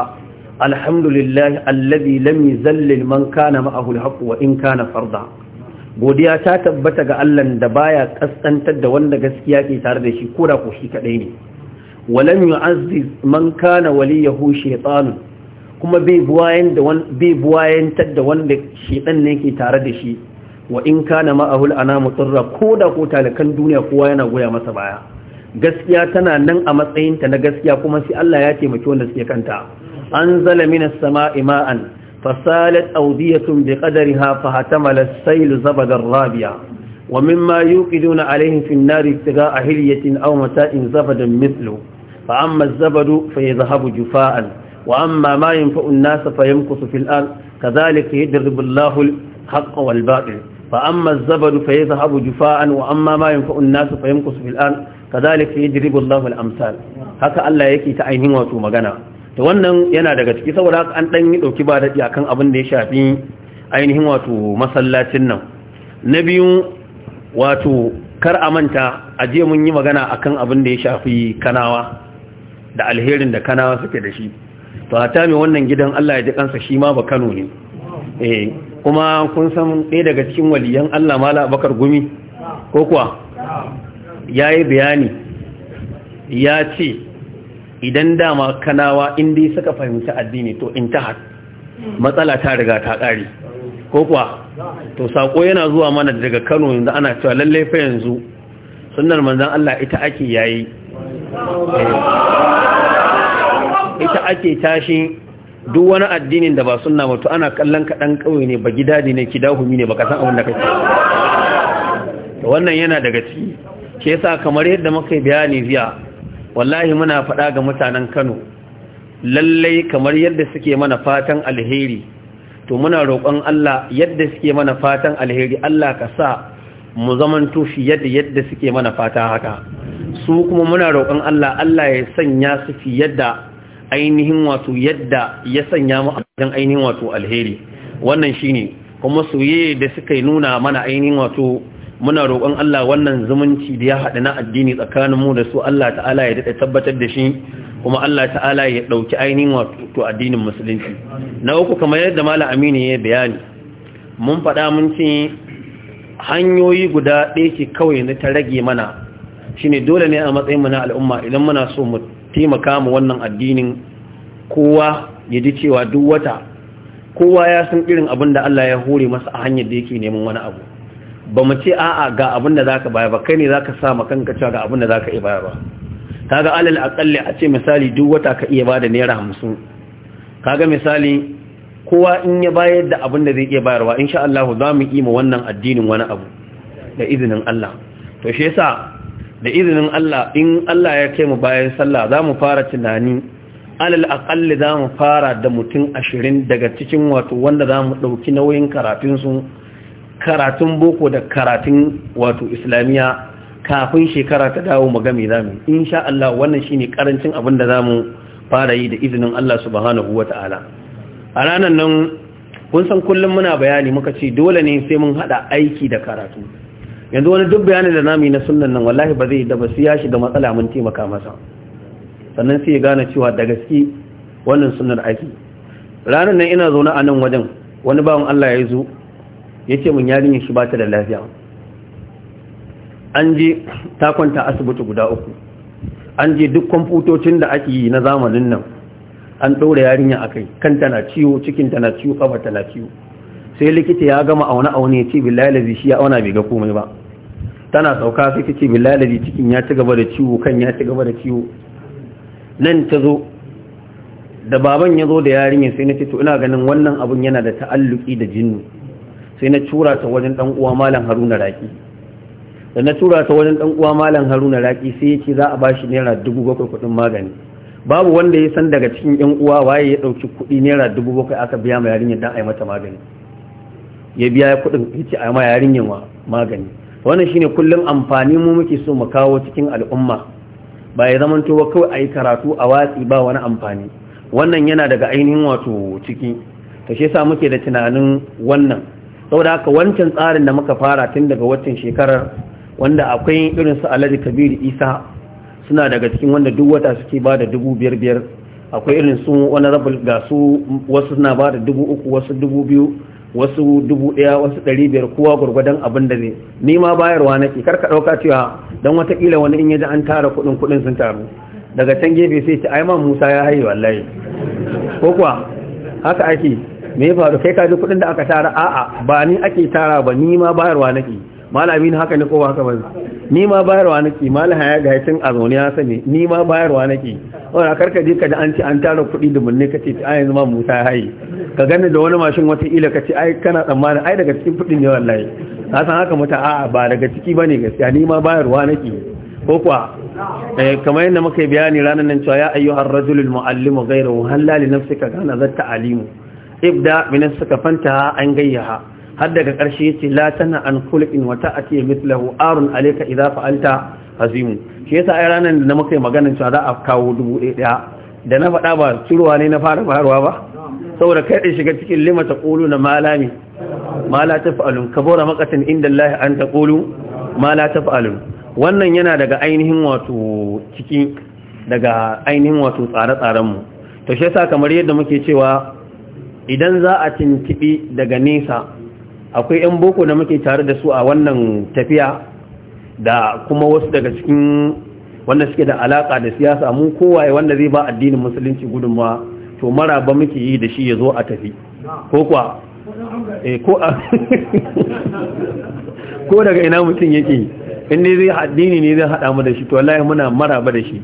alhamdulillah alladhi lam yuzallil man kana ma'ahu alhaq wa in kana farda godiya ta tabbata ga Allah da baya kasantar da wanda gaskiya ke tare da shi ko da ko shi kadai ne walam yu'azziz man kana waliyahu shaytan kuma bai buwayen da wanda shaitan ne ke tare da shi wa in kana ma'ahul ana tsirra ko da ko talakan duniya kowa yana goya masa baya gaskiya tana nan a matsayinta na gaskiya kuma sai Allah ya taimaki wanda suke kanta an zala minas sama'i ma'an fasalat awdiyatun bi qadariha fa hatamala as-sayl zabadan rabiya wa mimma yuqiduna alayhi fi an-nari ibtigha'a hilyatin aw mata'in zabadan mithlu fa amma az-zabadu fa yadhhabu jufa'an wa amma ma yanfa'u an-nasa fa yamkusu fil ard kadhalika yadribu Allahu al-haqqa wal-batil فأما الزبد فيذهب جفاء وأما ما ينفع الناس فيمكث في الآن كذلك يجرب الله الأمثال Allah yake ta ainihin wato magana. to wannan yana daga ciki saboda an dan yi dauki ba dadi akan abin da ya shafi ainihin wato masallacin nan na biyu wato kar a manta a je mun yi magana akan abin da ya shafi kanawa da alherin da kanawa suke da shi to hata mai wannan gidan Allah ya ji kansa shi ma ba Kano ne eh kuma kun san ɗaya daga cikin waliyan Allah mala bakar gumi ko kuwa ya yi bayani ya ce idan dama kanawa inda ya saka fahimci addini to in ta matsala ta riga ta ƙari ko kuwa to saƙo yana zuwa mana daga kano yanzu ana cewa lallai fa yanzu sunnar manzan Allah ita ake yayi eh, ita ake tashi duk wani addinin da ba suna mutu ana kallon kaɗan dan kauye ne ba gidaje ne kidahumi ne ba san abin da kake wannan yana daga ciki ke yasa kamar yadda muka bayani jiya wallahi muna faɗa ga mutanen Kano lallai kamar yadda suke mana fatan alheri to muna roƙon Allah yadda suke mana fatan alheri Allah ka sa mu zaman tufi yadda yadda suke mana fata haka su kuma muna roƙon Allah Allah ya sanya su fi yadda. ainihin wato yadda ya sanya mu a wajen ainihin wato alheri wannan shine kuma soye da suka nuna mana ainihin wato muna roƙon Allah wannan zumunci da ya haɗa na addini tsakanin mu da su Allah ta'ala ya daɗa tabbatar da shi kuma Allah ta'ala ya ɗauki ainihin wato addinin musulunci na uku kamar yadda malam Aminu ya bayani mun faɗa mun ce hanyoyi guda ɗaya ce kawai na ta rage mana shine dole ne a matsayin mu na al'umma idan muna so mu taimaka mu wannan addinin kowa ya ji cewa duk wata kowa ya san irin abin da Allah ya hore masa a hanyar da yake neman wani abu ba mu ce a'a ga abin da zaka baya ba kai ne zaka sa ma kanka cewa ga abin da zaka iya bayar ba kaga alal aqalli a ce misali duk wata ka iya bada naira 50 kaga misali kowa in ya bayar da abin da zai iya bayarwa insha Allah za mu yi ma wannan addinin wani abu da izinin Allah to shi yasa da izinin Allah in Allah ya kai mu bayan sallah za mu fara tunani alal aƙalli za mu fara da mutum ashirin daga cikin wato wanda za mu ɗauki nauyin karatunsu karatun boko da karatun wato islamiyya kafin shekara ta dawo mu game za mu insha Allah wannan shine karancin abin da za mu fara yi da izinin Allah subhanahu wa ta'ala a ranar nan kun san kullum muna bayani muka ce dole ne sai mun haɗa aiki da karatu yanzu wani duk bayanin da nami na sunan nan wallahi ba zai da ba su yashi da matsala mun taimaka masa sannan sai ya gane cewa da gaske wannan sunan aiki ranar nan ina zaune a nan wajen wani bawan Allah ya zo ya ce mun yarin shi ba ta da lafiya an je ta kwanta asibiti guda uku an je duk kwamfutocin da ake yi na zamanin nan an ɗora yarinya a kai kan tana ciwo cikin tana ciwo kafa tana ciwo sai likita ya gama auna auna ya ce billahi lazi shi ya auna bai ga komai ba tana sauka sai ta ce bilalari cikin ya ci gaba da ciwo kan ya ci gaba da ciwo nan ta zo da baban ya zo da yarinya sai na ce to ina ganin wannan abun yana da ta'alluki da jinnu sai na cura ta wajen dan uwa malam haruna raki da na cura ta wajen dan uwa malam haruna raki sai ya ce za a bashi naira dubu bakwai kuɗin magani babu wanda ya san daga cikin yan uwa waye ya ɗauki kuɗi naira dubu bakwai aka biya ma yarinyar dan a yi mata magani ya biya kudin ya ce a yi ma yarinyar magani wannan shine kullum amfani mu muke so mu kawo cikin al'umma ba ya zaman to kawai ayi karatu a watsi ba wani amfani wannan yana daga ainihin wato ciki to shi yasa muke da tunanin wannan saboda haka wancan tsarin da muka fara tun daga waccan shekarar wanda akwai irin su Alhaji Kabiru Isa suna daga cikin wanda duk wata suke ba da dubu biyar biyar akwai irin su wani rabul gasu, wasu suna ba da dubu uku wasu dubu biyu wasu dubu ɗaya wasu ɗari biyar kowa gurgudan abin da ne ni ma bayarwa nake karka ɗauka cewa don watakila wani in yaji an tara kuɗin kuɗin sun taru daga can gefe sai ce ai man musa ya haye wallahi ko kuwa haka ake me ya faru kai kaji kuɗin da aka tara a'a ba ni ake tara ba ni ma bayarwa nake malami na haka ne ko haka ba ni ma bayarwa nake malaha ya ga hacin azoniya ya sani ni ma bayarwa nake wani karka ji ka da an ce an tara kuɗi da munne ka ce a yanzu ma musa ya haye ka gani da wani mashin wata ila ka ce ai kana tsammanin ai daga cikin kuɗin ne wallahi na san haka mata a'a ba daga ciki ba ne gaskiya ni ma bayarwa nake ko kuwa eh, kamar yadda muka yi bayani ranar nan cewa ya ayyu har rajulul muallimu ghayru halali nafsika kana zatta alimu ibda min nafsika fanta an gayyaha har daga karshe yace la tana an kulqin wa ta'ati mithluhu arun alayka idza fa'alta azimu shi yasa a ranar da na muka yi maganin cewa za a kawo dubu ɗaya da na faɗa ba cirowa ne na fara faruwa ba saboda kai ɗin shiga cikin lima ta ƙulu na malami ta fa’alun ka bora maqatan inda Allah an ƙulu mala ta fa’alun wannan yana daga ainihin wato ciki daga ainihin wato tsare-tsaren mu to shi yasa kamar yadda muke cewa idan za a tintibi daga nesa akwai 'yan boko da muke tare da su a wannan tafiya da kuma wasu daga cikin wanda suke da alaka da siyasa mu kowaye wanda zai ba addinin musulunci gudunmawa to maraba muke yi da shi ya zo a tafi ko kuwa eh, ko daga ina mutum yake in ne zai addini ne zai haɗa mu da shi to wallahi muna maraba da shi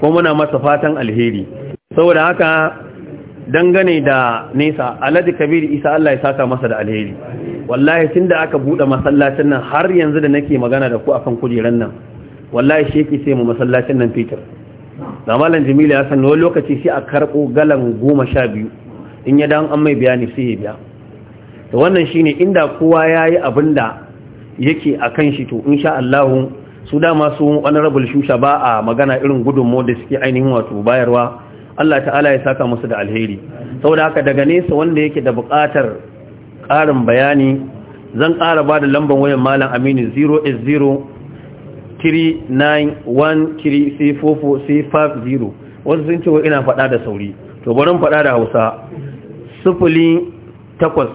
ko muna masa fatan alheri saboda haka dangane da nesa alhaji kabir isa Allah ya saka masa da alheri wallahi tun da aka buɗe masallacin nan har yanzu da nake magana da ku akan kujeran nan wallahi sheki sai mu masallacin nan fitar da malam jamilu ya san wani lokaci sai a karɓo galan goma sha biyu in ya dan an mai bayani sai ya biya to wannan shine inda kowa ya yi abin da yake a kan shi to insha Allahu su dama su honorable shusha ba a magana irin gudunmu da suke ainihin wato bayarwa Allah ta'ala ya saka musu da alheri saboda haka daga nesa wanda yake da buƙatar ƙarin bayani zan ƙara ba da lambar wayan malam aminu 08039133440 wasu sun ce wa ina faɗa da sauri to barin faɗa da hausa sufuli takwas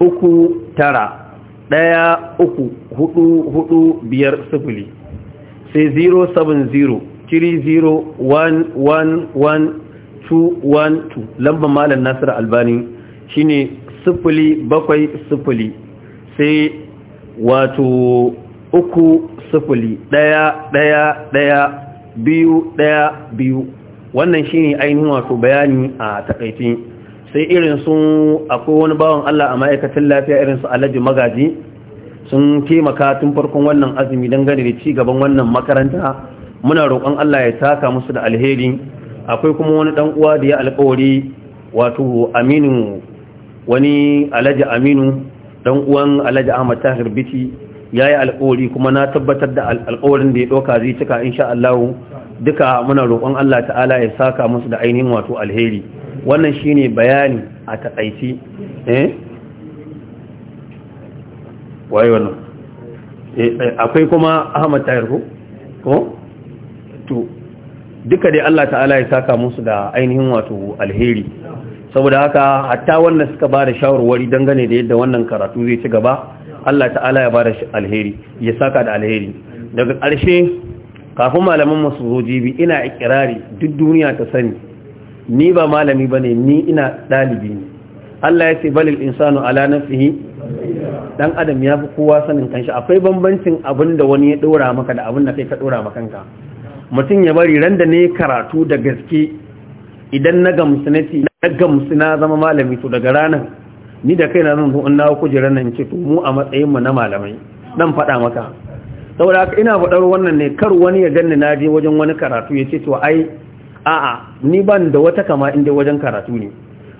uku tara ɗaya uku hudu hudu biyar sai 070 lambar malam nasiru albani shine sifili bakwai sifili sai wato uku sifili ɗaya ɗaya ɗaya biyu ɗaya biyu wannan shine ainihin wato bayani a takaici sai irin sun akwai wani bawan Allah a ma'aikatan lafiya irin su alhaji magaji sun taimaka tun farkon wannan azumi dangane da ci gaban wannan makaranta muna roƙon Allah ya taka musu da alheri akwai kuma wani ɗan uwa da ya alƙawari wato aminu wani alhaji aminu dan uwan alhaji ahmad tahir biti ya yi alkawari kuma na tabbatar da alkawarin da ya ɗauka zai cika insha Allah duka muna roƙon Allah ta'ala ya saka musu da ainihin wato alheri wannan shine bayani a taƙaice eh wai wannan eh, akwai kuma ahmad tahir ko ko to duka dai Allah ta'ala ya saka musu da ainihin wato alheri saboda haka hatta wannan suka ba da shawarwari dangane da yadda wannan karatu zai ci gaba Allah ta'ala ya ba da alheri ya saka da alheri daga ƙarshe kafin malamin masu bi ina ikirari duk duniya ta sani ni ba malami ba ne ni ina ɗalibi ne Allah ya ce balil insanu ala nafsihi dan adam ya fi kowa sanin kanshi akwai bambancin abin da wani ya ɗora maka da abin da kai ka ɗora maka kanka mutum ya bari randa ne karatu da gaske idan na gamsu na na suna na zama malami to daga ranar ni da kai na zan zo in na kujerar nan ce to mu a matsayin mu na malamai dan faɗa maka saboda haka ina faɗar wannan ne kar wani ya ganni na je wajen wani karatu ya ce to ai a'a ni ban da wata kama inda wajen karatu ne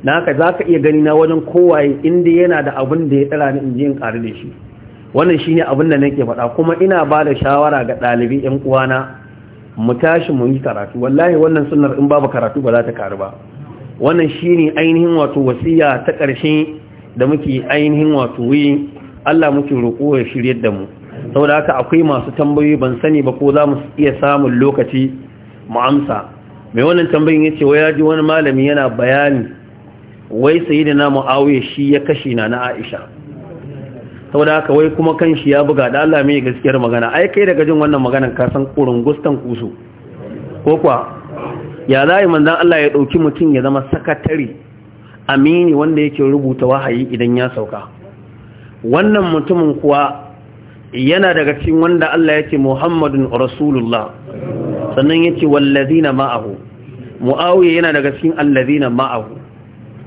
na haka za ka iya gani na wajen kowaye inda yana da abin da ya tsara ni in je in ƙari da shi wannan shine abin da nake faɗa kuma ina ba da shawara ga ɗalibi ƴan uwana mu tashi mu yi karatu wallahi wannan sunnar in babu karatu ba za ta karu ba wannan shi ne ainihin wato wasiya ta ƙarshe da muke ainihin wato yi Allah muke roƙo ya shiryar da mu saboda haka akwai masu tambayoyi ban sani ba ko za mu iya samun lokaci mu amsa mai wannan tambayin yace wai ya ji wani malami yana bayani wai da sayyidina Muawiya shi ya kashe na na Aisha saboda haka wai kuma kan shi ya buga da Allah mai gaskiyar magana ai kai daga jin wannan maganan ka san kurun gustan kusu ko kwa ya za yi manzan Allah ya ɗauki mutum ya zama sakatare amini wanda yake rubuta wahayi idan ya sauka wannan mutumin kuwa yana daga cikin wanda Allah ya ce Muhammadun Rasulullah sannan ya ce wallazina ma'ahu mu'awiya yana daga cikin allazina ma'ahu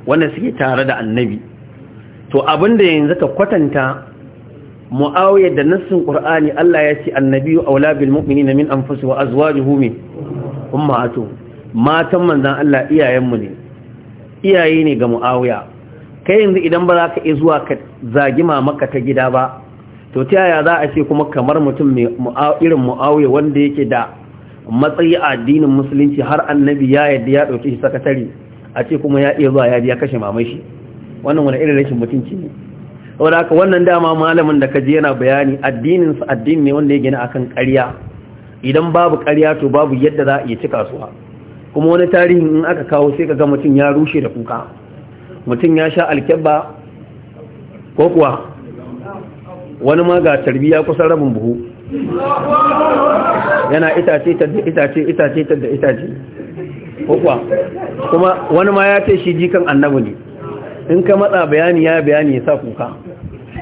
wanda suke tare da annabi to abinda yanzu ka kwatanta mu'awiya da nassin qur'ani Allah ya ce annabi aula bil mu'minina min anfusihim wa azwajihi min matan manzan Allah iyayenmu ne iyaye ne ga mu'awiya kai yanzu idan ba za ka iya zuwa ka zagi mamaka ta gida ba to ta yaya za a ce kuma kamar mutum irin mu'awiya wanda yake da matsayi a addinin musulunci har annabi ya yadda ya ɗauki shi sakatare a ce kuma ya iya zuwa ya biya kashe mamashi wannan wani irin rashin mutunci ne saboda haka wannan dama malamin da ka je yana bayani addinin su addini ne wanda ya gina akan ƙarya idan babu ƙarya to babu yadda za a iya cika su kuma wani tarihin in aka kawo sai ka ga mutum ya rushe da kuka mutum ya sha alkyabba ko kuwa wani ma ga tarbiya kusan rabin buhu yana itace tadda itace itace tadda itace ko kuwa kuma wani ma ya ce shi jikan Annabu ne in ka matsa bayani ya bayani ya sa kuka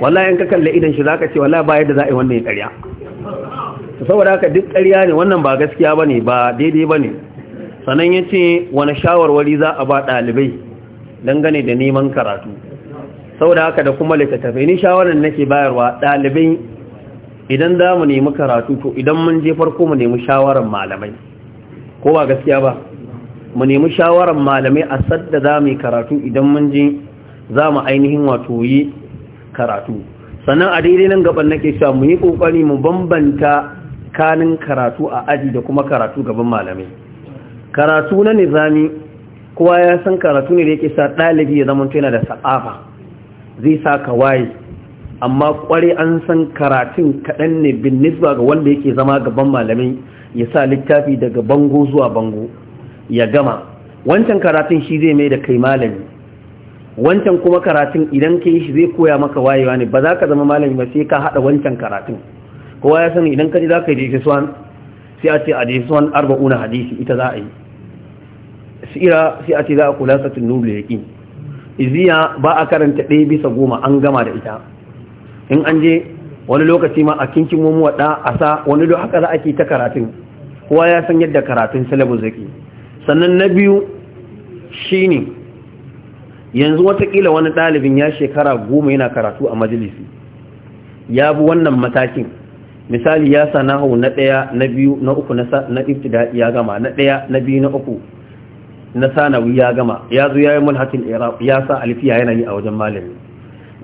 wallahi in ka kalle idan shi zaka ce wallahi ba yadda za a yi wannan ya karya saboda haka duk karya ne wannan ba gaskiya bane ba daidai bane sannan ya ce wani shawarwari za a ba ɗalibai dangane da neman karatu sau da haka da kuma littattafai ni shawarar nake bayarwa ɗalibai idan za mu nemi karatu to idan mun je farko mu nemi shawarar malamai ko ba gaskiya ba mu nemi shawarar malamai a sadda za mu yi karatu idan mun je za mu ainihin wato yi karatu sannan a daidai nan gaban nake cewa mu yi kokari mu bambanta kanin karatu a aji da kuma karatu gaban malamai karatu na nizami kowa ya san karatu ne da yake sa ɗalibi ya zama yana da sa'afa zai sa ka waye amma kware an san karatun kaɗan ne bin nisba ga wanda yake zama gaban malamin ya sa littafi daga bango zuwa bango ya gama wancan karatun shi zai mai da kai malami wancan kuma karatun idan ka yi shi zai koya maka wayewa ne ba za ka zama malami ba sai ka haɗa wancan karatun kowa ya sani idan ka ji za ka yi jesuwan sai a ce a jesuwan arba'una hadisi ita za a yi tsira sai a ce za a kula satun da yaƙi iziya ba a karanta ɗaya bisa goma an gama da ita in an je wani lokaci ma a kinkin mu waɗa a sa wani do haka za a ke ta karatun kowa ya san yadda karatun salabu zaki sannan na biyu shine yanzu watakila wani ɗalibin ya shekara goma yana karatu a majalisi ya bi wannan matakin misali ya sa na hau na ɗaya na biyu na uku na ibtida ya gama na ɗaya na biyu na uku na sanawi ya gama ya zo ya yi mulhatin iraq ya sa alfiya yana yi a wajen malami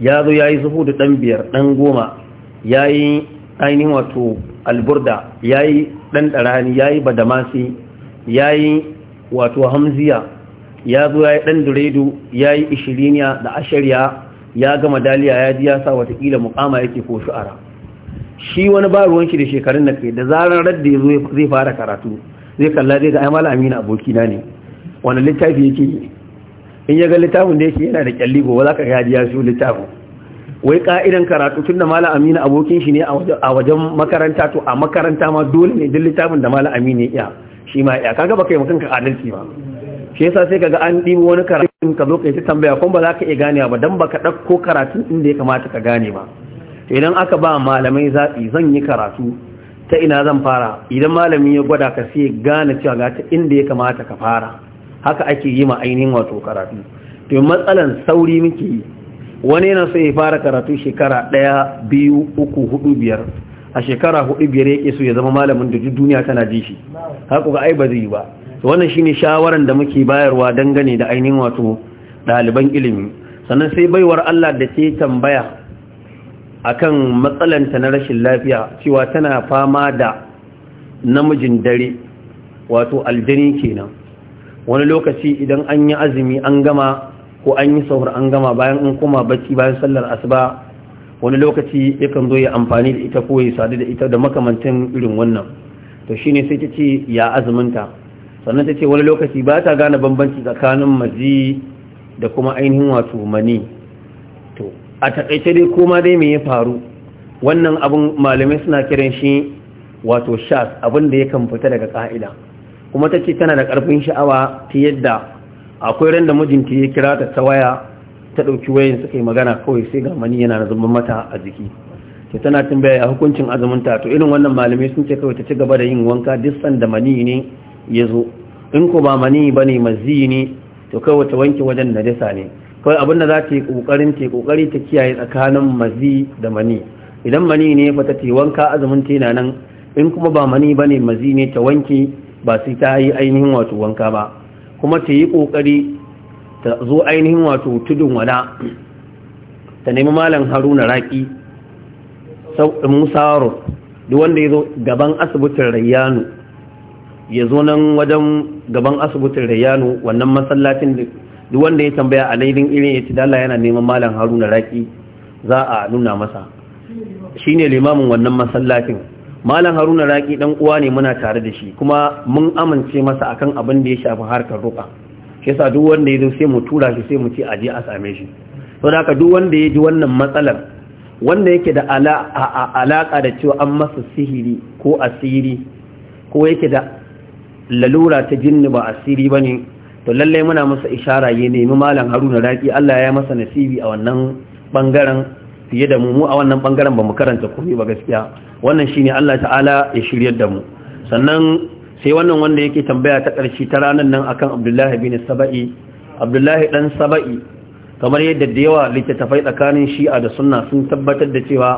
ya zo ya yi zuhu da ɗan biyar dan goma ya yi ainihin wato alburda ya yi ɗan ɗarani ya yi badamasi ya yi wato hamziya ya zo ya yi ɗan duredu ya yi ishiriniya da ashirya ya gama daliya ya ji ya sa watakila mukama yake ko shu'ara shi wani ba ruwan shi da shekarun da kai da zarar radda ya zo zai fara karatu zai kalla zai ga ai na aboki abokina ne wani littafi yake yi in ya ga littafin da yake yana da kyalli gobe za ka ga ya su littafin wai ka'idan karatu tun da malam amina abokin shi ne a wajen makaranta to a makaranta ma dole ne duk littafin da malam amina ya shi ma ya kaga baka yi mutum ka adalci ba shi yasa sai kaga an dibi wani karatu ka zo ka yi tambaya kuma ba za ka iya gane ba dan baka ɗauko karatun inda ya kamata ka gane ba idan aka ba malamai zaɓi zan yi karatu ta ina zan fara idan malamin ya gwada ka sai gane cewa ga ta inda ya kamata ka fara haka ake yi ma ainihin wato karatu to matsalan sauri muke yi wani yana so ya fara karatu shekara ɗaya biyu uku hudu biyar a shekara hudu biyar yake so ya zama malamin da duniya tana ji shi haka ga ai ba zai yi ba wannan shine shawaran da muke bayarwa dangane da ainihin wato ɗaliban ilimi sannan sai baiwar Allah da ke tambaya akan matsalanta na rashin lafiya cewa tana fama da namijin dare wato aljani kenan wani lokaci idan an yi azumi an gama ko an yi sahur an gama bayan an koma bacci bayan sallar asuba wani lokaci yakan zo ya amfani da ita ko ya sadu da ita da makamantan irin wannan to shi ne sai ta ce ya azuminta sannan ta ce wani lokaci ba ta gane bambanci tsakanin mazi da kuma ainihin wato mani to a taƙaice dai koma dai me ya faru wannan abin malamai suna kiran shi wato shas abin da yakan fita daga ƙa'ida kuma ta ce tana da ƙarfin sha'awa ta yadda akwai randa mijinta ya kira ta ta waya ta ɗauki wayan suka yi magana kawai sai ga mani yana na zumbin mata a jiki ta tana tambaya ya hukuncin azumin ta to irin wannan malamai sun ce kawai ta ci gaba da yin wanka duk sanda mani ne ya zo in ko ba mani ba ne mazi ne to kawai ta wanke wajen na najasa ne kawai abin da za ta yi ƙoƙarin ta ƙoƙari ta kiyaye tsakanin mazi da mani idan mani ne fa ta ce wanka azumunta yana nan in kuma ba mani ba ne mazi ne ta wanke ba sai ta yi ainihin wato wanka ba kuma ta yi ƙoƙari ta zo ainihin wato tudun wada ta nemi malam haruna raƙi musaro duk wanda ya zo gaban asibitin rayyano ya zo nan wajen gaban asibitin rayyano wannan masallacin duk wanda ya tambaya a laidin irin ya ci dala yana neman malam haruna raƙi za a nuna masa Shi ne limamin wannan masallacin malam haruna Raƙi ɗan uwa ne muna tare da shi kuma mun amince masa akan abin da ya shafi harkar roƙa shi yasa duk wanda ya zo sai mu tura shi sai mu ce aje a same shi to da duk wanda ya ji wannan matsalar wanda yake da alaƙa da cewa an masa sihiri ko asiri ko yake da lalura ta jinni ba asiri ba ne, to lallai muna masa ishara ne nemi malam haruna Raƙi Allah ya masa nasibi a wannan bangaren fiye da mu mu a wannan bangaren ba mu karanta komai ba gaskiya wannan shine Allah ta'ala ya shiryar da mu sannan sai wannan wanda yake tambaya ta ƙarshe ta ranar nan akan Abdullahi bin Saba'i Abdullahi dan Saba'i kamar yadda da yawa littattafai tsakanin Shi'a da Sunna sun tabbatar da cewa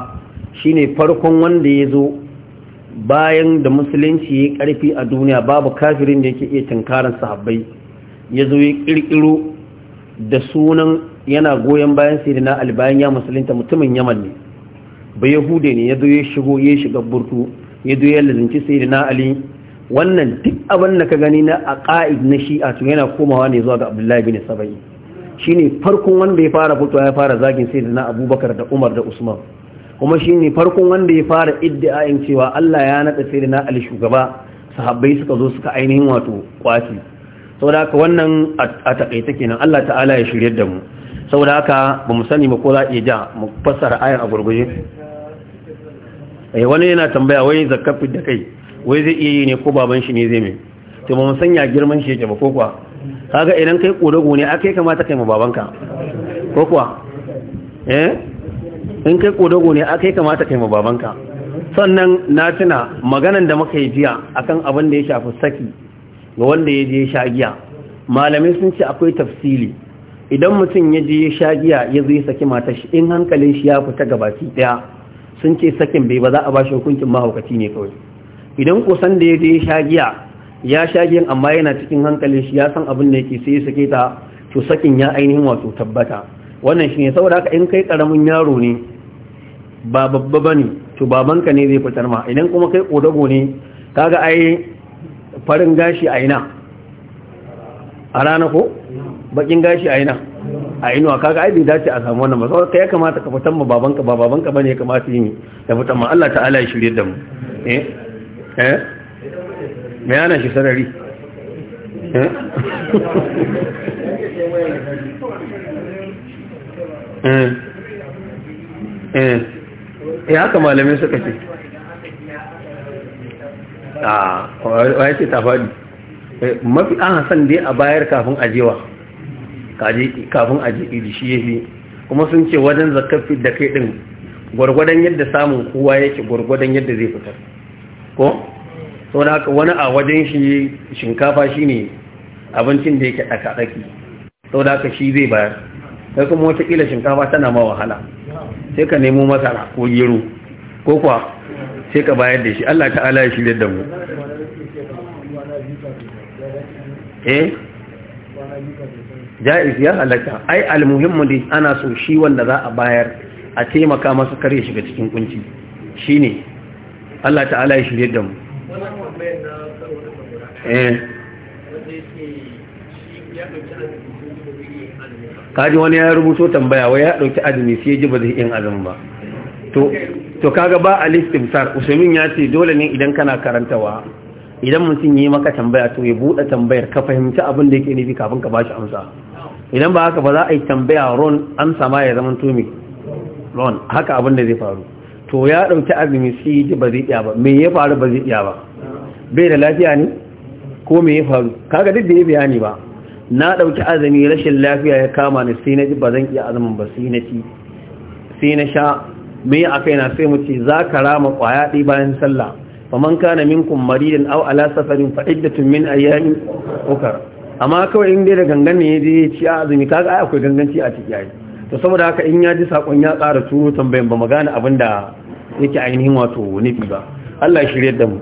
shine farkon wanda ya zo bayan da musulunci ya karfi a duniya babu kafirin da yake iya tunkarin sahabbai ya zo ya kirkiro da sunan yana goyon bayan sirina albayan ya musulunta mutumin yaman ne ba yahude ne ya zo ya shigo ya shiga burtu ya zo ya lazinci sirina ali wannan duk abin da ka gani na ƙa'id na shi'a to yana komawa ne zuwa ga abdullahi bin sabai ne farkon wanda ya fara fito ya fara zagin sirina abubakar da umar da usman kuma shi ne farkon wanda ya fara iddiayin cewa Allah ya naɗa sirina ali shugaba sahabbai suka zo suka ainihin wato kwaci saboda haka wannan a taƙaita kenan Allah ta'ala ya shirya da mu saboda haka ba mu sani ba ko za iya ja mu fassara ayan a gurguje eh wani yana tambaya wai zakafi da kai wai zai iya yi ne ko baban shi ne zai mai to ba mu sanya girman shi yake ba ko kuwa kaga idan kai gune a kai kamata kai mu babanka ko kuwa eh in kai gune a kai kamata kai mu babanka sannan na tuna maganan da muka yi jiya akan abin da ya shafi saki ga wanda ya je sha giya malamai sun ce akwai tafsili idan mutum ya je ya sha giya ya zai saki matar shi in hankalin shi ya fita gabaki daya sun ce sakin bai ba za a bashi hukuncin mahaukaci ne kawai idan kusan da ya je ya sha giya ya sha giyan amma yana cikin hankalin shi ya san abin da yake sai ya sake ta to sakin ya ainihin wato tabbata wannan shi ne saboda haka in kai karamin yaro ne ba babba bane to babanka ne zai fitar ma idan kuma kai kodago ne kaga ai farin gashi a ina a rana ko bakin gashi a ina a inuwa kaga aibin dace a samu wannan ba ka ya kamata ka fitan ma babanka ba babanka ne ya kamata yi ya fitan ma Allah ta'ala ya shirye da mu eh eh me yana shi sarari eh eh ya eh? eh, haka malamai suka ce a ah, wai ce ta faɗi eh, mafi an hasan dai a bayar kafin ajewa kafin a jiɗi da shi yi kuma sun ce wajen zakafi da kai ɗin gwargwadon yadda samun kowa yake gwargwadon yadda zai fitar ko sau da haka wani a wajen shi shinkafa shi ne abincin da yake ɗaka-ɗaki sau da haka shi zai bayar sai kuma watakila shinkafa tana ma wahala sai ka nemo masara ko gero ko kuwa sai ka bayar da shi Allah ta'ala ya shirya da mu eh ja'iz ya halaka ai almuhimmu dai ana so shi wanda za a bayar a taimaka masa kare shiga cikin kunci shine Allah ta'ala ya shirye da mu eh. Ka kaji wani ya rubuto tambaya wai ya dauki azumi sai ji ba zai yin azumi ba to to kaga ba al-istimsar usaimin ya ce dole ne idan kana karantawa idan mutum yi maka tambaya to ya buɗe tambayar ka fahimci abin da yake nufi kafin ka bashi amsa idan ba haka ba za a yi tambaya ron an sama ya zama tumi ron haka abin da zai faru to ya ɗauki azumi su yi ji ba zai iya ba me ya faru ba zai iya ba bai da lafiya ne ko me ya faru kaga duk da ya bayani ba na ɗauki azumi rashin lafiya ya kama ni sai na ji ba zan iya azumin ba sai na ci sai na sha me a kaina sai mu ce za ka rama kwaya ɗi bayan sallah faman kana minkum maridin aw ala safarin fa iddatun min ayyamin ukra amma kawai in dai da gangan ne ya je ci a azumi kaga ai akwai ganganci a ciki ai to saboda haka in ya ji sakon ya ƙara turo tambayan ba magana abin da yake ainihin wato nufi ba Allah ya shirye da mu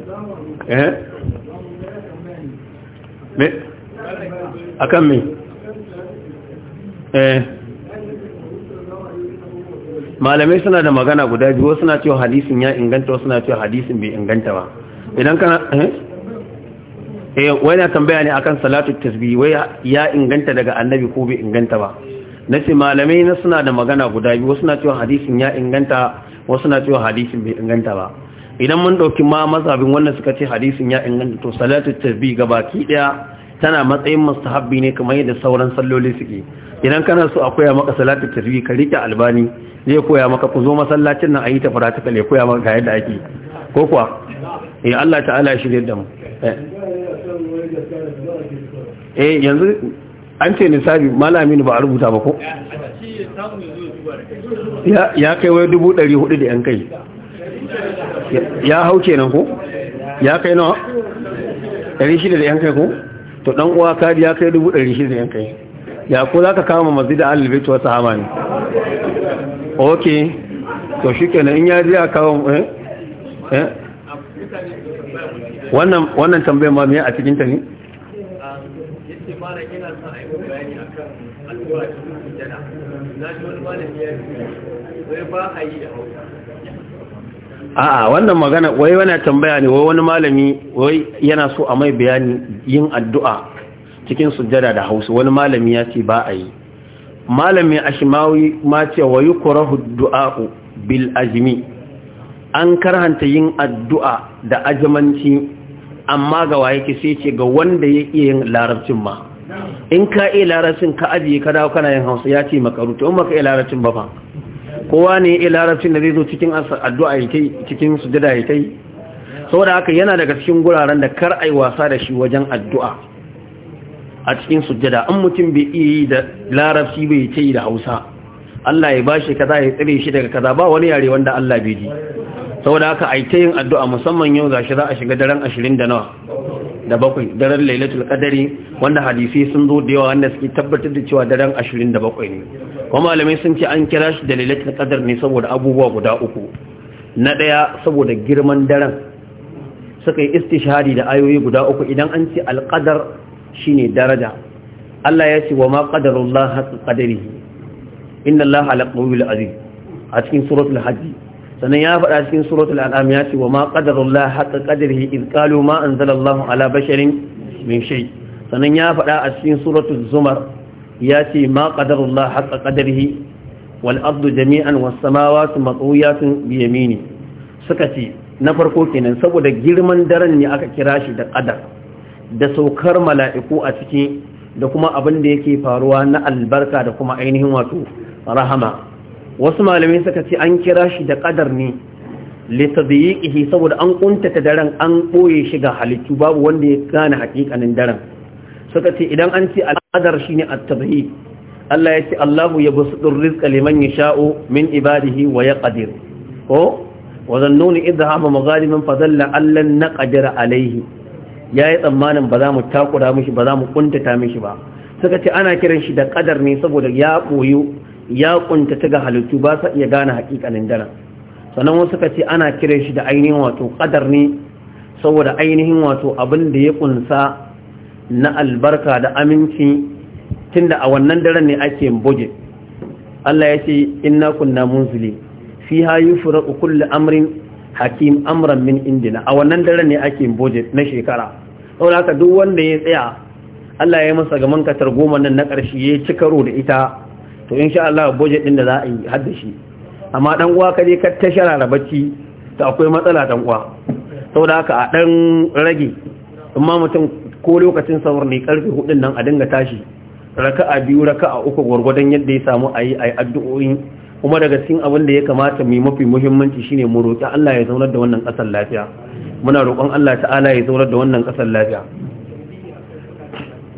eh me akan me eh malamai suna da magana guda biyu suna cewa hadisin ya inganta wasu suna cewa hadisin bai inganta ba idan kana eh eh wai na tambaya ne akan salatu tasbih wai ya inganta daga annabi ko bai inganta ba nace malamai na suna da magana guda biyu wasu na cewa hadisin ya inganta wasu na cewa hadisin bai inganta ba idan mun dauki ma mazhabin wannan suka ce hadisin ya inganta to salatu tasbih gabaki daya tana matsayin mustahabbi ne kamar yadda sauran salloli suke idan kana so a koya maka salatu tasbih ka rike albani zai koya maka ku zo masallacin nan ayi ta practical koya maka ga yadda ake ko kuwa eh Allah ta'ala ya shirye da mu eh. eh yanzu an ce ni nisabi malami ba a rubuta ba ko ya kai wai dubu ɗari hudu da yan kai ya hau kenan ko ya kai nawa ɗari shida da yan kai ko to dan uwa kadi ya kai dubu ɗari shida da yan kai ya ko za ka kama mazi da alibaitu wasu hama ne ok to shi kenan in ya ji a kawo eh, eh. wannan tambayin ma mai a cikinta ne a cikin a'a wannan magana wai wani tambaya ne wai wani malami wai yana so a mai bayani yin addu'a cikin sujjada da hausa wani malami ya ce ba a yi malami ashimawi ma ce wa yukrahu du'a'u bil ajimi an karhanta yin addu'a da ajimanci amma ga waye sai ce ga wanda ya iya yin larabcin ma in ka iya larabcin ka ajiye ka dawo kana yin hausa ya ce makaru to in ka iya larabcin ba fa kowa ne iya larabcin da zai zo cikin addu'a ya kai cikin sujada ya kai saboda haka yana daga cikin guraren da kar a yi wasa da shi wajen addu'a a cikin sujada in mutum bai iya yi da larabci bai ce da hausa Allah ya bashi kaza ya tsire shi daga kaza ba wani yare wanda Allah bai ji saboda haka a yi ta yin addu'a musamman yau shi za a shiga daren 20 da nawa da bakwai daren lailatul kadari wanda hadisi sun zo da yawa wanda suke tabbatar da cewa daren ashirin da bakwai ne kuma malamai sun ce an kira shi da lailatul kadar ne saboda abubuwa guda uku na ɗaya saboda girman daren suka yi istishhadi da ayoyi guda uku idan an ce alqadar shine daraja Allah ya ce wa ma qadarullah haqqadarihi inna Allah ala aziz a cikin suratul hajji. sannan ya faɗa cikin suratul al'am ya ce wa ma qadarullah haqqa qadrihi id qalu ma anzalallahu ala basharin min shay sannan ya faɗa a cikin suratul zumar ya ce ma qadarullah haqqa qadrihi wal ardu jami'an was samawati matwiyatun bi yamini suka ce na farko kenan saboda girman daren ne aka kira shi da qadar da saukar mala'iku a ciki da kuma abin da yake faruwa na albarka da kuma ainihin wato rahama wasu malamai suka ce an kira shi da ƙadar ne litadiyikihi saboda an kuntata daren an ɓoye shi ga halittu babu wanda ya gane haƙiƙanin daren suka ce idan an ce al'adar ne a tadhib Allah ya ce Allahu ɗin rizqa liman ya shao min ibadihi wa ƙadir. ko wa zannuni idhaba maghaliman fadalla allan naqdira alayhi yayi tsammanin ba za mu takura mishi ba za mu ƙuntata mishi ba suka ce ana kiran shi da kadar ne saboda ya koyo ya kuntata ga halittu ba sa iya gane hakikanin dana. sannan wasu ka ce ana kira shi da ainihin wato kadar ne saboda ainihin wato abin da ya kunsa na albarka da aminci tunda a wannan daren ne ake budget Allah ya ce inna kunna munzili fiha yufraqu kullu amrin hakim amran min indina a wannan daren ne ake budget na shekara saboda duk wanda ya tsaya Allah ya yi masa gaman katar goma nan na ƙarshe ya ci karo da ita to insha Allah budget din da za a yi hadda shi amma dan uwa kaje ka tashara da bacci to akwai matsala dan uwa saboda haka a dan rage amma mutum ko lokacin samar ne karfe 4 nan a dinga tashi raka'a biyu raka'a uku gurgurdan yadda ya samu ayi ayi addu'o'i kuma daga cikin abin da ya kamata mu mafi muhimmanci shine mu roki Allah ya zaunar da wannan ƙasar lafiya muna roƙon Allah ta'ala ya zaunar da wannan ƙasar lafiya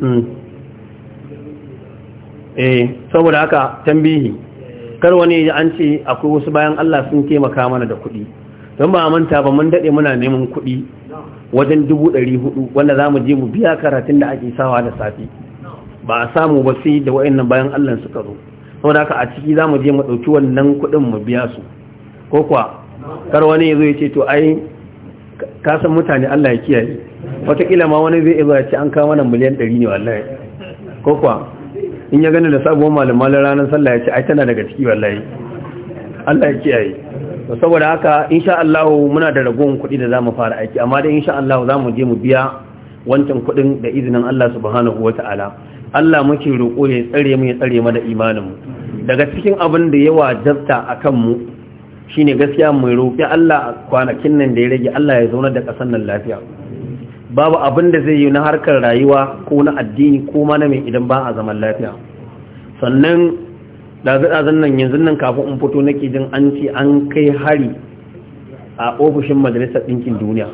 hmm. eh saboda haka tambihi kar wani an ce akwai wasu bayan Allah sun taimaka mana da kuɗi don ba manta ba mun daɗe muna neman kuɗi wajen dubu ɗari hudu wanda za mu je mu biya karatun da ake sawa da safi ba a samu ba sai da wa'annan bayan Allah suka zo saboda haka a ciki za mu je mu ɗauki wannan kuɗin mu biya su ko kuwa kar wani ya zo ya ce to ai ka san mutane Allah ya kiyaye wataƙila ma wani zai iya ce an kawo mana miliyan ɗari ne wallahi ko kuwa in ya gani da sabuwar malamalar ranar sallah ya ce ai tana daga ciki wallahi Allah ya kiyaye saboda haka insha Allah muna da ragowar kuɗi da zamu fara aiki amma dai, insha Allah zamu je mu biya wancan kuɗin da izinin Allah subhanahu wata'ala Allah muke roƙo ya tsare mu ya tsare mu da imanin mu daga cikin abin da yawa jabta akan mu shine gaskiya mu roƙi Allah kwanakin nan da ya rage Allah ya zauna da ƙasar nan lafiya babu abin da zai yi na harkar rayuwa ko na addini ko ma na mai idan ba a zaman lafiya sannan ɗazu-ɗazun nan yanzu nan kafin in fito nake jin an ce an kai hari a ofishin majalisar ɗinkin duniya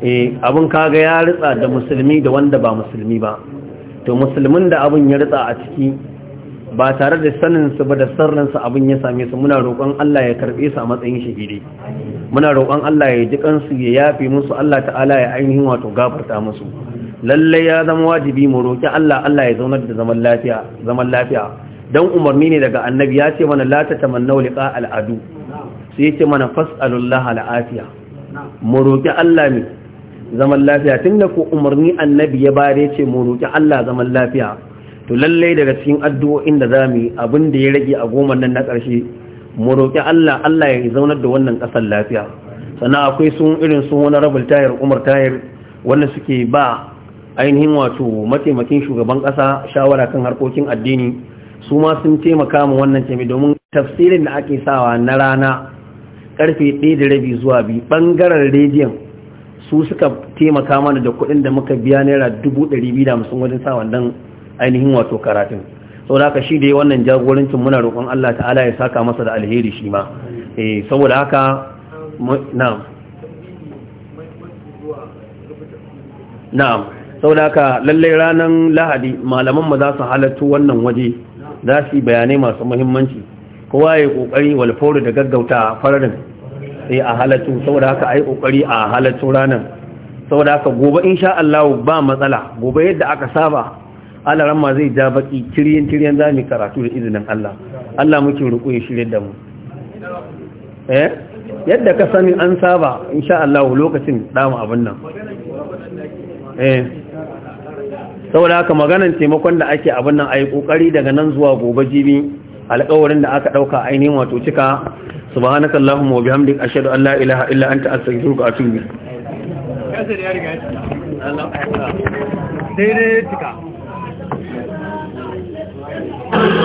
eh, abin kaga ya ritsa da musulmi da wanda ba musulmi ba to musulmin da abin ya ritsa a ciki ba tare da saninsu ba da sarransu abin ya same su muna roƙon Allah ya karɓe su a matsayin shahidi muna roƙon Allah ya ji kansu ya yafe musu Allah ta'ala ya ainihin wato gafarta musu lalle ya zama wajibi mu roƙi Allah Allah ya zaunar da zaman lafiya zaman lafiya dan umarni ne daga annabi ya ce mana la tatamannu liqa al'adu sai ya ce mana fas'alullaha al'afiya mu roƙi Allah ne zaman lafiya tunda ko umarni annabi ya bare ce mu roƙi Allah zaman lafiya to lallai daga cikin addu'o'in da za mu yi abin da ya rage a goma nan na ƙarshe mu roƙi Allah Allah ya zaunar da wannan ƙasar lafiya sannan akwai sun irin sun wani rabul tayar umar tayar wanda suke ba ainihin wato mataimakin shugaban ƙasa shawara kan harkokin addini su ma sun taimaka mu wannan taimi domin tafsirin da ake sawa na rana karfe ɗaya da rabi zuwa biyu ɓangaren rediyon su suka taimaka mana da kuɗin da muka biya naira dubu ɗari biyu da hamsin wajen sa wannan ainihin wato karatun sau da haka shi da wannan jagorancin muna roƙon Allah ta'ala ya saka masa da alheri shi ma eh, saboda haka na'am na'am saboda haka lallai ranar lahadi malaman ma za su halattu wannan waje za su yi bayanai masu muhimmanci kowa ya yi ƙoƙari walfori da gaggauta fararin sai eh, a halattu saboda haka a yi ƙoƙari a halattu ranar saboda haka gobe insha Allah ba matsala gobe yadda aka saba alaran ma zai ja baki tiriyan tiriyan za mu karatu da izinin Allah Allah muke ruku ya shirye da mu eh yadda ka sani an saba insha Allah lokacin damu abin nan eh saboda haka maganan taimakon da ake abin nan ayi kokari daga nan zuwa gobe jibi alƙawarin da aka dauka ainihin wato cika subhanakallahumma wa bihamdika ashhadu an la ilaha illa anta astaghfiruka wa atubu ilaik daidai cika